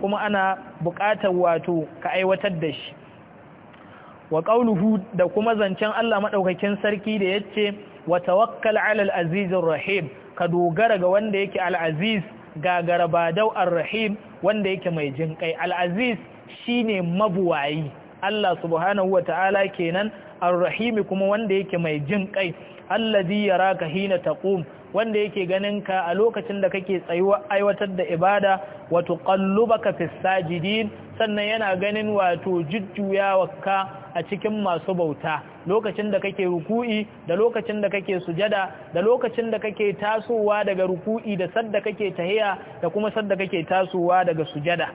kuma ana buƙatar wato ka aiwatar da shi wa qauluhu da kuma zancen Allah madaukakin sarki da yace wa tawakkal alal azizin rahim ka dogara ga wanda yake al-aziz gagara badau ar-rahim wanda yake mai jin kai al-aziz ne mabuwayi Allah subhanahu Ta'ala kenan ar-rahim kuma wanda yake mai jin kai alladhi yaraka hina taqum wanda yake ganin ka a lokacin da kake tsayuwa aiwatar da ibada wato qallubaka fis sajidin sannan yana ganin wato jujjuyawaka a cikin masu bauta lokacin da kake ruku'i da lokacin da kake sujada da lokacin da kake tasowa daga ruku'i da sadda kake tahiya da kuma sadda kake tasowa daga sujada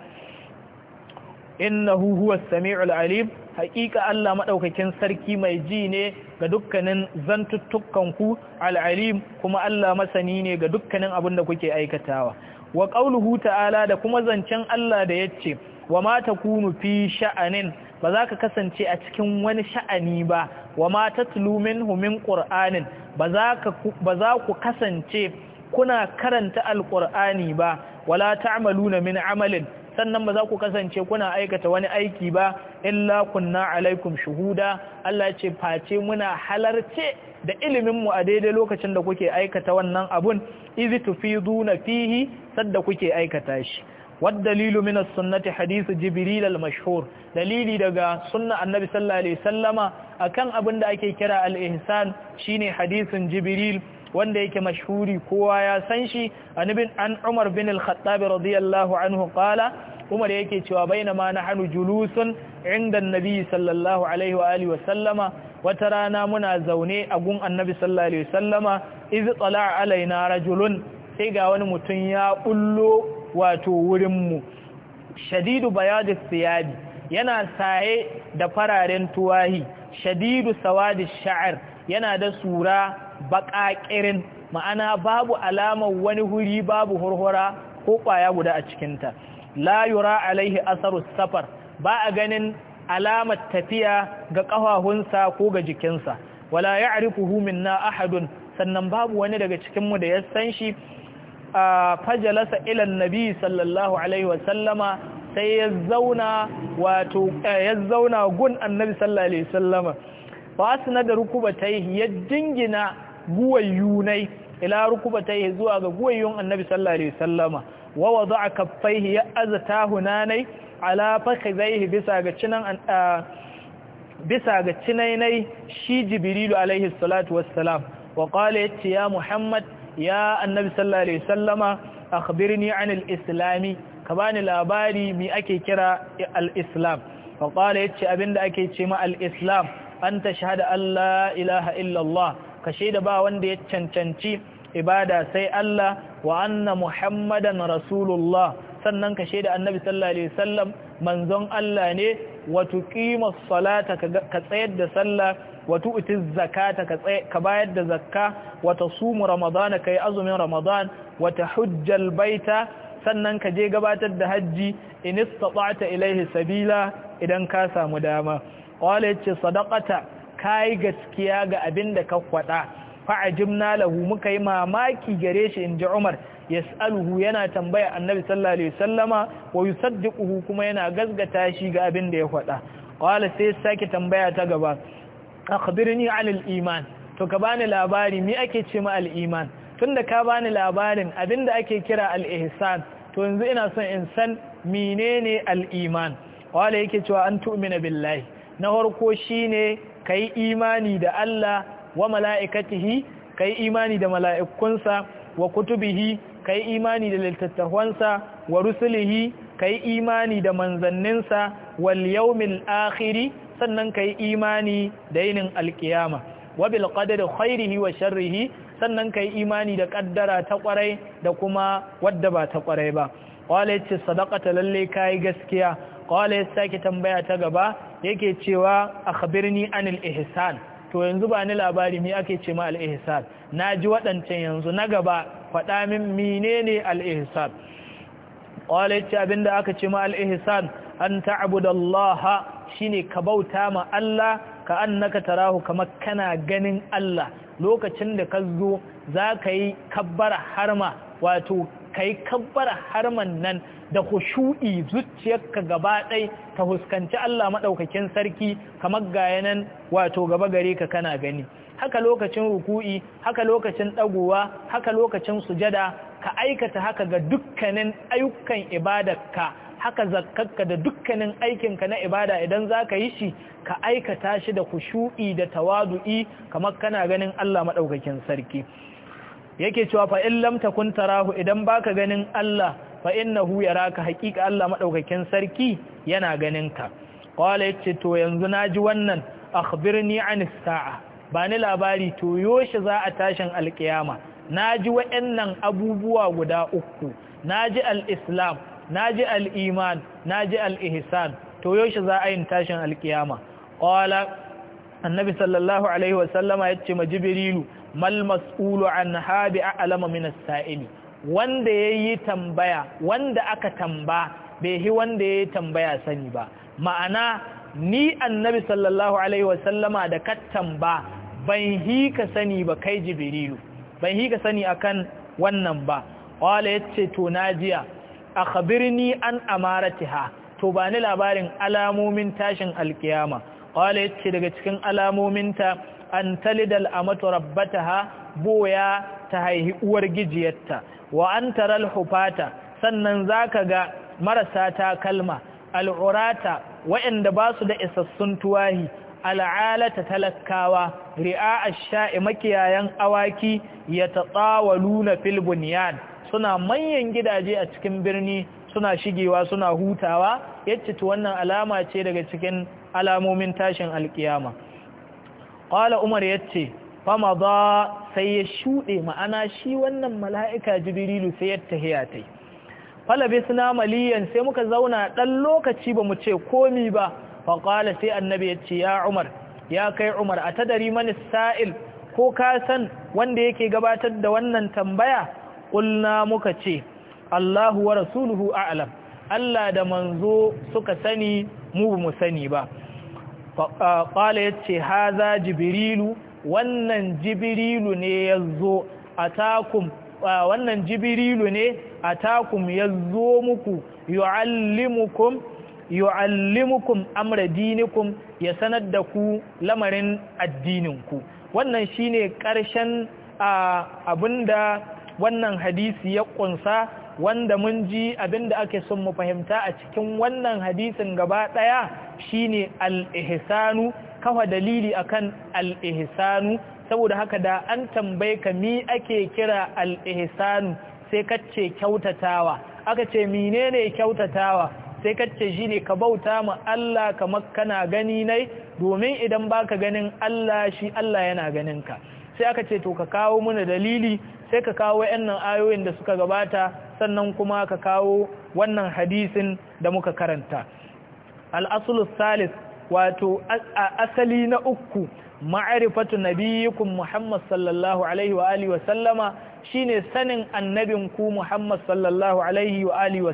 innahu huwa sami'ul alim haƙiƙa Allah madaukakin sarki mai ji ne ga dukkanin zantuttukan ku al-alim kuma Allah masani ne ga dukkanin abin da kuke aikatawa wa qauluhu ta'ala da kuma zancen Allah da yace wa ma takunu fi sha'anin ba za ka kasance a cikin wani sha'ani ba wa ma tatlu minhu min qur'anin ba za ku kasance kuna karanta alqur'ani ba wala ta'maluna min amalin sannan ba za ku kasance kuna aikata wani aiki ba illa kunna alaikum shuhuda Allah ce face muna halarce da ilimin mu a daidai lokacin da kuke aikata wannan abun izi na fihi sadda kuke aikata shi والدليل من sunnati حديث جبريل المشهور دليلي dalili daga النبي Annabi الله عليه akan أكان أبن ake kira al-ihsan shine حديث jibril wanda yake mashhuri kowa ya san shi anibin an Umar bin al radiyallahu anhu kala Umar yake cewa bainama nahnu julusun inda nabi sallallahu alaihi wa alihi wa sallama wata rana muna zaune a gun annabi sallallahu alaihi wa sallama iz tala'a alaina rajulun sai ga wani mutum ya bullo wato wurin mu shadidu bayadi thiyabi yana saye da fararen tuwahi shadidu sawadi sha'ar yana da sura baƙaƙirin ma'ana babu alamar wani huri babu hurhura ko ƙwaya guda a cikinta la yura alaihi asarus safar ba a ganin alamar tafiya ga ƙafafunsa ko ga jikinsa wala ya arifuhu minna ahadun sannan babu wani daga cikinmu da ya san shi a fajalasa ilan nabi sallallahu alaihi wasallama sai ya zauna wato eh, ya zauna gun annabi sallallahu alaihi wasallama ba su da rukubatai ya jingina guwayunai ila rukubatai zuwa ga guwayun annabi sallallahu alaihi wasallama wa wada'a kaffaihi ya azata hunanai ala fakhizaihi bisa ga cinan bisa ga cinainai shi jibrilu alaihi salatu wassalam wa qala ya muhammad ya annabi sallallahu alaihi wasallama akhbirni anil islami ka bani labari mi ake kira al-islam wa qala yace abinda ake ce ma al-islam an tashhada an allah illallah ka shaida ba wanda ya cancanci ibada sai Allah wa anna muhammadan rasulullah sannan ka shaida annabi sallallahu alaihi wasallam manzon Allah ne wa tuqima salata ka tsayar da sallah wa tu'ti zakata ka ka bayar da zakka wa tasumu ramadana kai azumin ramadan wa tahujja baita sannan ka je gabatar da haji in istata'ta ilaihi sabila idan ka samu dama qala yace sadaqata kayi gaskiya ga abin da ka faɗa fa'ajibna lahu muka yi mamaki gare shi inji Umar yas'aluhu yana tambaya annabi sallallahu alaihi wasallama wa yusaddiquhu kuma yana gazgata shi ga abin da ya faɗa qala sai sake tambaya ta gaba akhbirni anil iman to ka bani labari me ake ce ma al iman tunda ka bani labarin abin da ake kira al ihsan to yanzu ina son in san menene al iman wala yake cewa an tu'mina billahi na farko shine kai imani da Allah wa mala'ikatihi kai imani da mala'ikunsa wa kutubihi kai imani da littattafansa wa rusulihi kai imani da manzanninsa wa yawmil akhiri sannan kai imani da yinin alkiyama wa bil khairihi wa sharrihi sannan kai imani da kaddara ta kwarai da kuma wadda ba ta kwarai ba qala yace lallai lalle yi gaskiya qala ya sake tambaya ta gaba yake cewa akhbirni anil ihsan to yanzu ba ni labari me ake ce ma al ihsan naji yanzu na gaba faɗa min menene ne ihsan qala ya abinda aka ce ma al ihsan an ta'budallaha shine ka bauta ma Allah ka annaka tarahu kamar kana ganin Allah lokacin da ka zo za ka yi kabbara harma wato ka yi kabbar harman nan da shuɗi zuciyarka gaba ɗai ta huskanci Allah maɗaukakin sarki kamar gaya nan wato gaba gare ka kana gani haka lokacin ruku'i haka lokacin ɗaguwa haka lokacin sujada ka aikata haka ga dukkanin ayyukan ibadarka haka zakkarka da dukkanin aikinka na ibada idan za ka yi shi ka aikata shi da kushu'i da tawadu'i kamar kana ganin Allah maɗaukakin sarki yake cewa fa in lam takun tarahu idan baka ganin Allah fa innahu yaraka haqiqa Allah madaukakin sarki yana ganin ka qala yace to yanzu naji wannan akhbirni an sa'a bani labari to yoshi za a tashin alkiyama naji wayannan abubuwa guda uku naji al-islam naji al-iman naji al-ihsan to yoshi za a yin tashin alkiyama qala annabi sallallahu alaihi wasallama yace ma jibrilu malmasulu mas'ulu an habi a'lama min as Wanda wanda yayi tambaya wanda aka tamba bai hi wanda yayi tambaya sani ba ma'ana ni annabi sallallahu alaihi wa sallama da ka ban hi ka sani ba kai jibrilu ban hi ka sani akan wannan ba wala ce to najiya birni an amaratiha to ba ni labarin alamomin tashin alkiyama wala ce daga cikin alamominta an talidal amatu rabbataha boya ta haihi uwar gijiyarta wa an taral sannan zaka ga marasa takalma al'urata wa'inda ba su da isassun tuwahi al'alata talakawa ri'a ash-sha'i makiyayan awaki yatatawaluna fil bunyan suna manyan gidaje a cikin birni suna shigewa suna hutawa yace to wannan alama ce daga cikin alamomin tashin alkiyama ƙwala umar ya ce fama ba sai ya shuɗe ma'ana shi wannan mala'ika jibrilu sai ya tahiya ta yi falabe suna maliyan sai muka zauna ɗan lokaci ba mu ce komi ba faƙala sai annabi ya ce ya umar ya kai umar a tadari mani sa'il ko ka san wanda yake gabatar da wannan tambaya ƙulna muka ce allahu wa rasuluhu a'alam allah da manzo suka sani mu mu sani ba qala yace haza jibirilu wannan jibirilu ne a takun wannan jibirilu ne ya yazo muku yuallimukum amra dinikum ya sanar da ku lamarin addininku wannan shine ƙarshen abinda wannan hadisi ya kunsa wanda mun ji abin da ake son mu fahimta a cikin wannan hadisin gaba ɗaya shine ne al’ihisanu kafa dalili akan kan al’ihisanu saboda haka da an tambaye ka mi ake kira al’ihisanu sai kace kyautatawa aka ce mine ne kyautatawa sai shi ne ka bauta ma Allah kamar kana gani nai domin idan baka ganin Allah shi Allah yana ganin ka sai aka ce to ka kawo mana dalili sai ka kawo wayannan ayoyin da suka gabata sannan kuma ka kawo wannan hadisin da muka karanta al'asulus salis wato asali na uku ma'arifatu nabiyikum Muhammad sallallahu alaihi wa alihi shine sanin annabinku Muhammad sallallahu alaihi wa alihi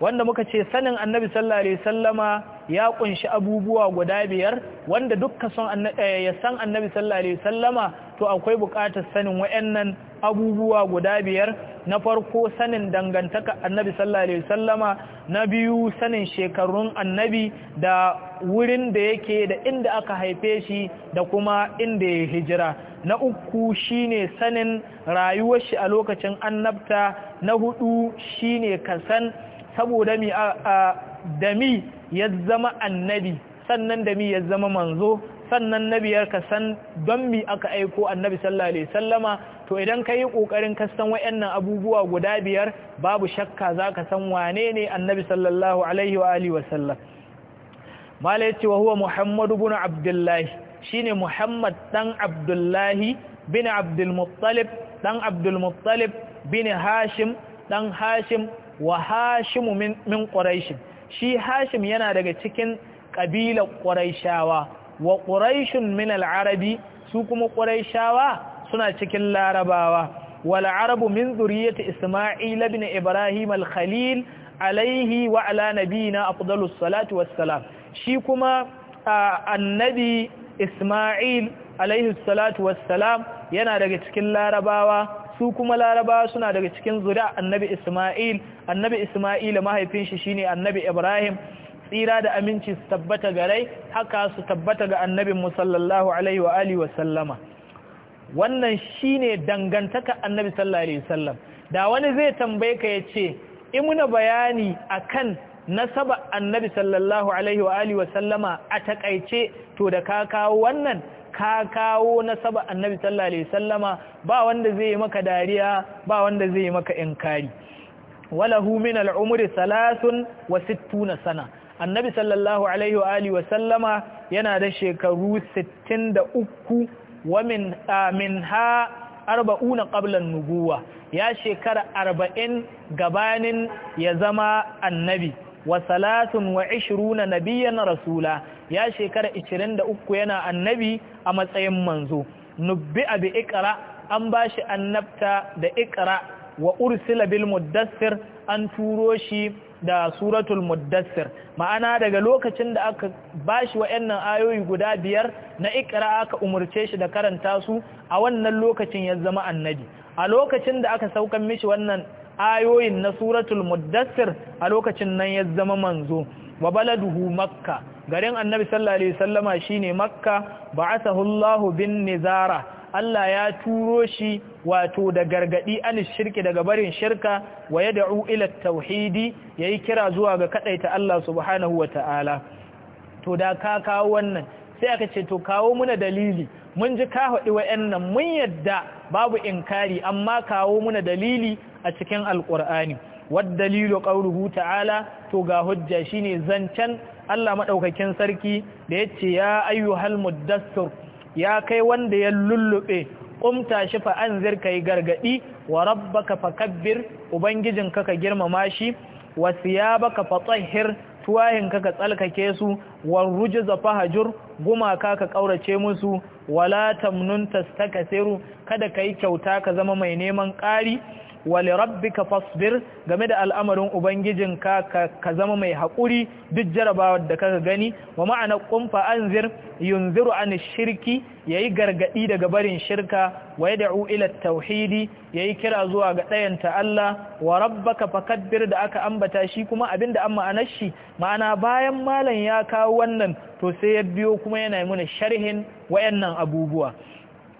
wanda muka ce sanin annabi sallallahu alaihi ya kunshi abubuwa guda biyar wanda dukkan son eh, ya san annabi sallallahu alaihi to akwai bukatar sanin wayannan abubuwa guda biyar na farko sanin dangantaka annabi sallallahu alaihi na biyu sanin shekarun annabi da wurin da yake da inda aka haife shi da kuma inda ya hijira na uku shine sanin rayuwar shi a lokacin annabta na hudu shine kasan saboda mi a dami ya zama annabi sannan dami ya zama manzo sannan nabiyar ka san don mi aka aiko annabi sallallahu alaihi sallama to idan ka yi ƙoƙarin kasan wayannan abubuwa guda biyar babu shakka za ka san wane ne annabi sallallahu alaihi wa alihi wasallam mala ya ce wa huwa muhammadu bin abdullahi shine muhammad dan abdullahi bin abdulmuttalib dan abdulmuttalib bin hashim dan hashim wa hashimu min ƙuraishin shi hashim yana daga cikin ƙabilar ƙuraishawa wa ƙuraishin min al'arabi su kuma ƙuraishawa suna cikin larabawa wal arabu min zuriyati isma'il bin ibrahim al-khalil alaihi wa ala nabiyina salatu wassalam shi kuma annabi isma'il alaihi salatu wassalam yana daga cikin larabawa su kuma laraba suna daga cikin zuri'a annabi isma'il annabi isma'il mahaifin shi shine annabi ibrahim tsira da aminci su tabbata ga rai haka su tabbata ga annabin mu sallallahu alaihi wa alihi wa sallama wannan shine dangantaka annabi sallallahu alaihi wasallam da wani zai tambaye ka yace muna bayani akan nasaba annabi sallallahu alaihi wa alihi wa sallama a takaice to da ka kawo wannan ka kawo na saba annabi sallallahu alaihi wasallama ba wanda zai yi maka dariya ba wanda zai yi maka inkari walahu min al'umri salasun wa sittuna sana annabi sallallahu alaihi wa alihi wasallama yana da shekaru 63 wa min minha arba'una qabla an-nubuwa ya shekara 40 gabanin ya zama annabi wa salatun wa 20 nabiyyan rasula ya shekara 23 yana annabi a matsayin manzo nubbi abi ikra an bashi annabta da ikra wa ursila bil muddassir an turo shi da suratul muddassir ma'ana daga lokacin da aka bashi wayannan ayoyi guda biyar na ikra aka umurce shi da karanta su a wannan lokacin ya zama annabi a lokacin da aka saukan mishi wannan ayoyin na suratul muddassir a lokacin nan ya zama manzo wa baladuhu makka garin annabi sallallahu alaihi wasallama shine makka ba'athahu Allahu bin nizara Allah ya turo shi wato da gargadi an shirki daga barin shirka wa yad'u ila tauhidi yayi kira zuwa ga kadaita Allah subhanahu wataala to da ka kawo wannan sai aka ce to kawo muna dalili mun ji ka haɗi wa'annan mun yadda babu inkari amma kawo muna dalili a cikin alkur'ani. waddalilu ƙauruhu ta'ala to ga hujja shine zancen Allah maɗaukakin sarki da ya ce ya ayyuhal muddassir ya kai wanda ya lullube umta shi fa an zirka yi gargaɗi wa rabbaka fakabbir kabbir ubangijinka ka girmama shi wa siyabaka fa tsahhir tuwahinka ka tsalkake su wa rujiza fahajur gumaka ka ƙaurace musu wala tamnun tastakasiru kada kai kyauta ka zama mai neman ƙari wali ka fasbir game da al'amarin ubangijinka ka zama mai haƙuri duk jarabawar da kaka gani wa ma'ana kumfa anzir ziru an shirki ya yi gargaɗi daga barin shirka wa da'u ila tauhidi yi kira zuwa ga ɗayanta Allah wa rabba ka fakabbir da aka ambata shi kuma abin da an ma'anar shi ma'ana bayan malam ya kawo wannan to sai ya biyo kuma yana mana sharhin wayannan abubuwa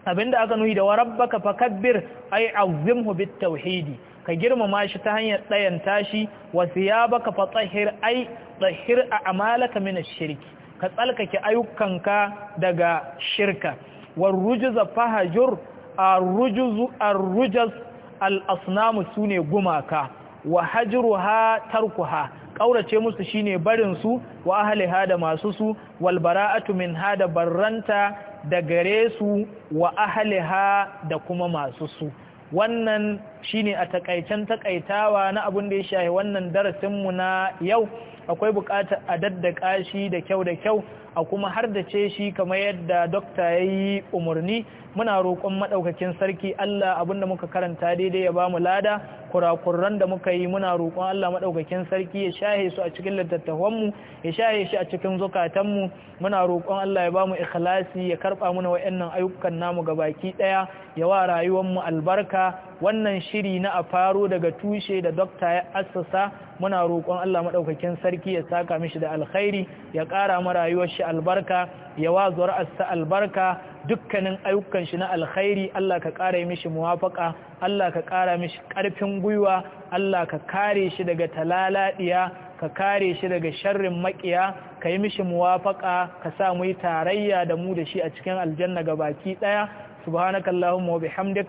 abinda aka nuhi da warabbaka fakabbir ai azimhu bit tauhidi ka girmama shi ta hanyar tsayan tashi wa siyabaka tahir ai tahir a'malaka min ash-shirki ka tsalkake ayyukanka daga shirka war rujza fahjur ar ar-rujaz al-asnam sune gumaka wa hajruha tarkuha kaurace musu shine barin su wa ahliha da masu su wal bara'atu min hada barranta da gare su wa ahliha da kuma masu su wannan shine a takaicen takaitawa na abun da ya shahi wannan darasinmu na yau akwai bukatar a daddaka shi da kyau da kyau a kuma har da ce shi kamar yadda dokta ya yi umarni muna roƙon maɗaukakin sarki Allah da muka karanta daidai ya ba mu lada kurakuran da muka yi muna roƙon Allah maɗaukakin sarki ya shahe su a cikin littattafanmu ya shahe shi a cikin zukatanmu muna roƙon Allah ya ba mu ikhlasi ya karɓa muna wa'annan ayyukan namu ga baki ɗaya ya wa rayuwanmu albarka wannan shiri na a faro daga tushe da dokta ya assasa muna roƙon Allah maɗaukakin sarki ya saka mishi da alkhairi ya ƙara marayuwar rayuwar shi albarka ya wa assa albarka dukkanin ayyukan shi na alkhairi Allah ka ƙara yi mishi muwafaka Allah ka ƙara mishi ƙarfin gwiwa Allah ka kare shi daga talaladiya ka kare shi daga sharrin makiya ka yi mishi muwafaka ka sa mu yi tarayya da mu da shi a cikin aljanna ga baki ɗaya subhanakallahumma wa bihamdika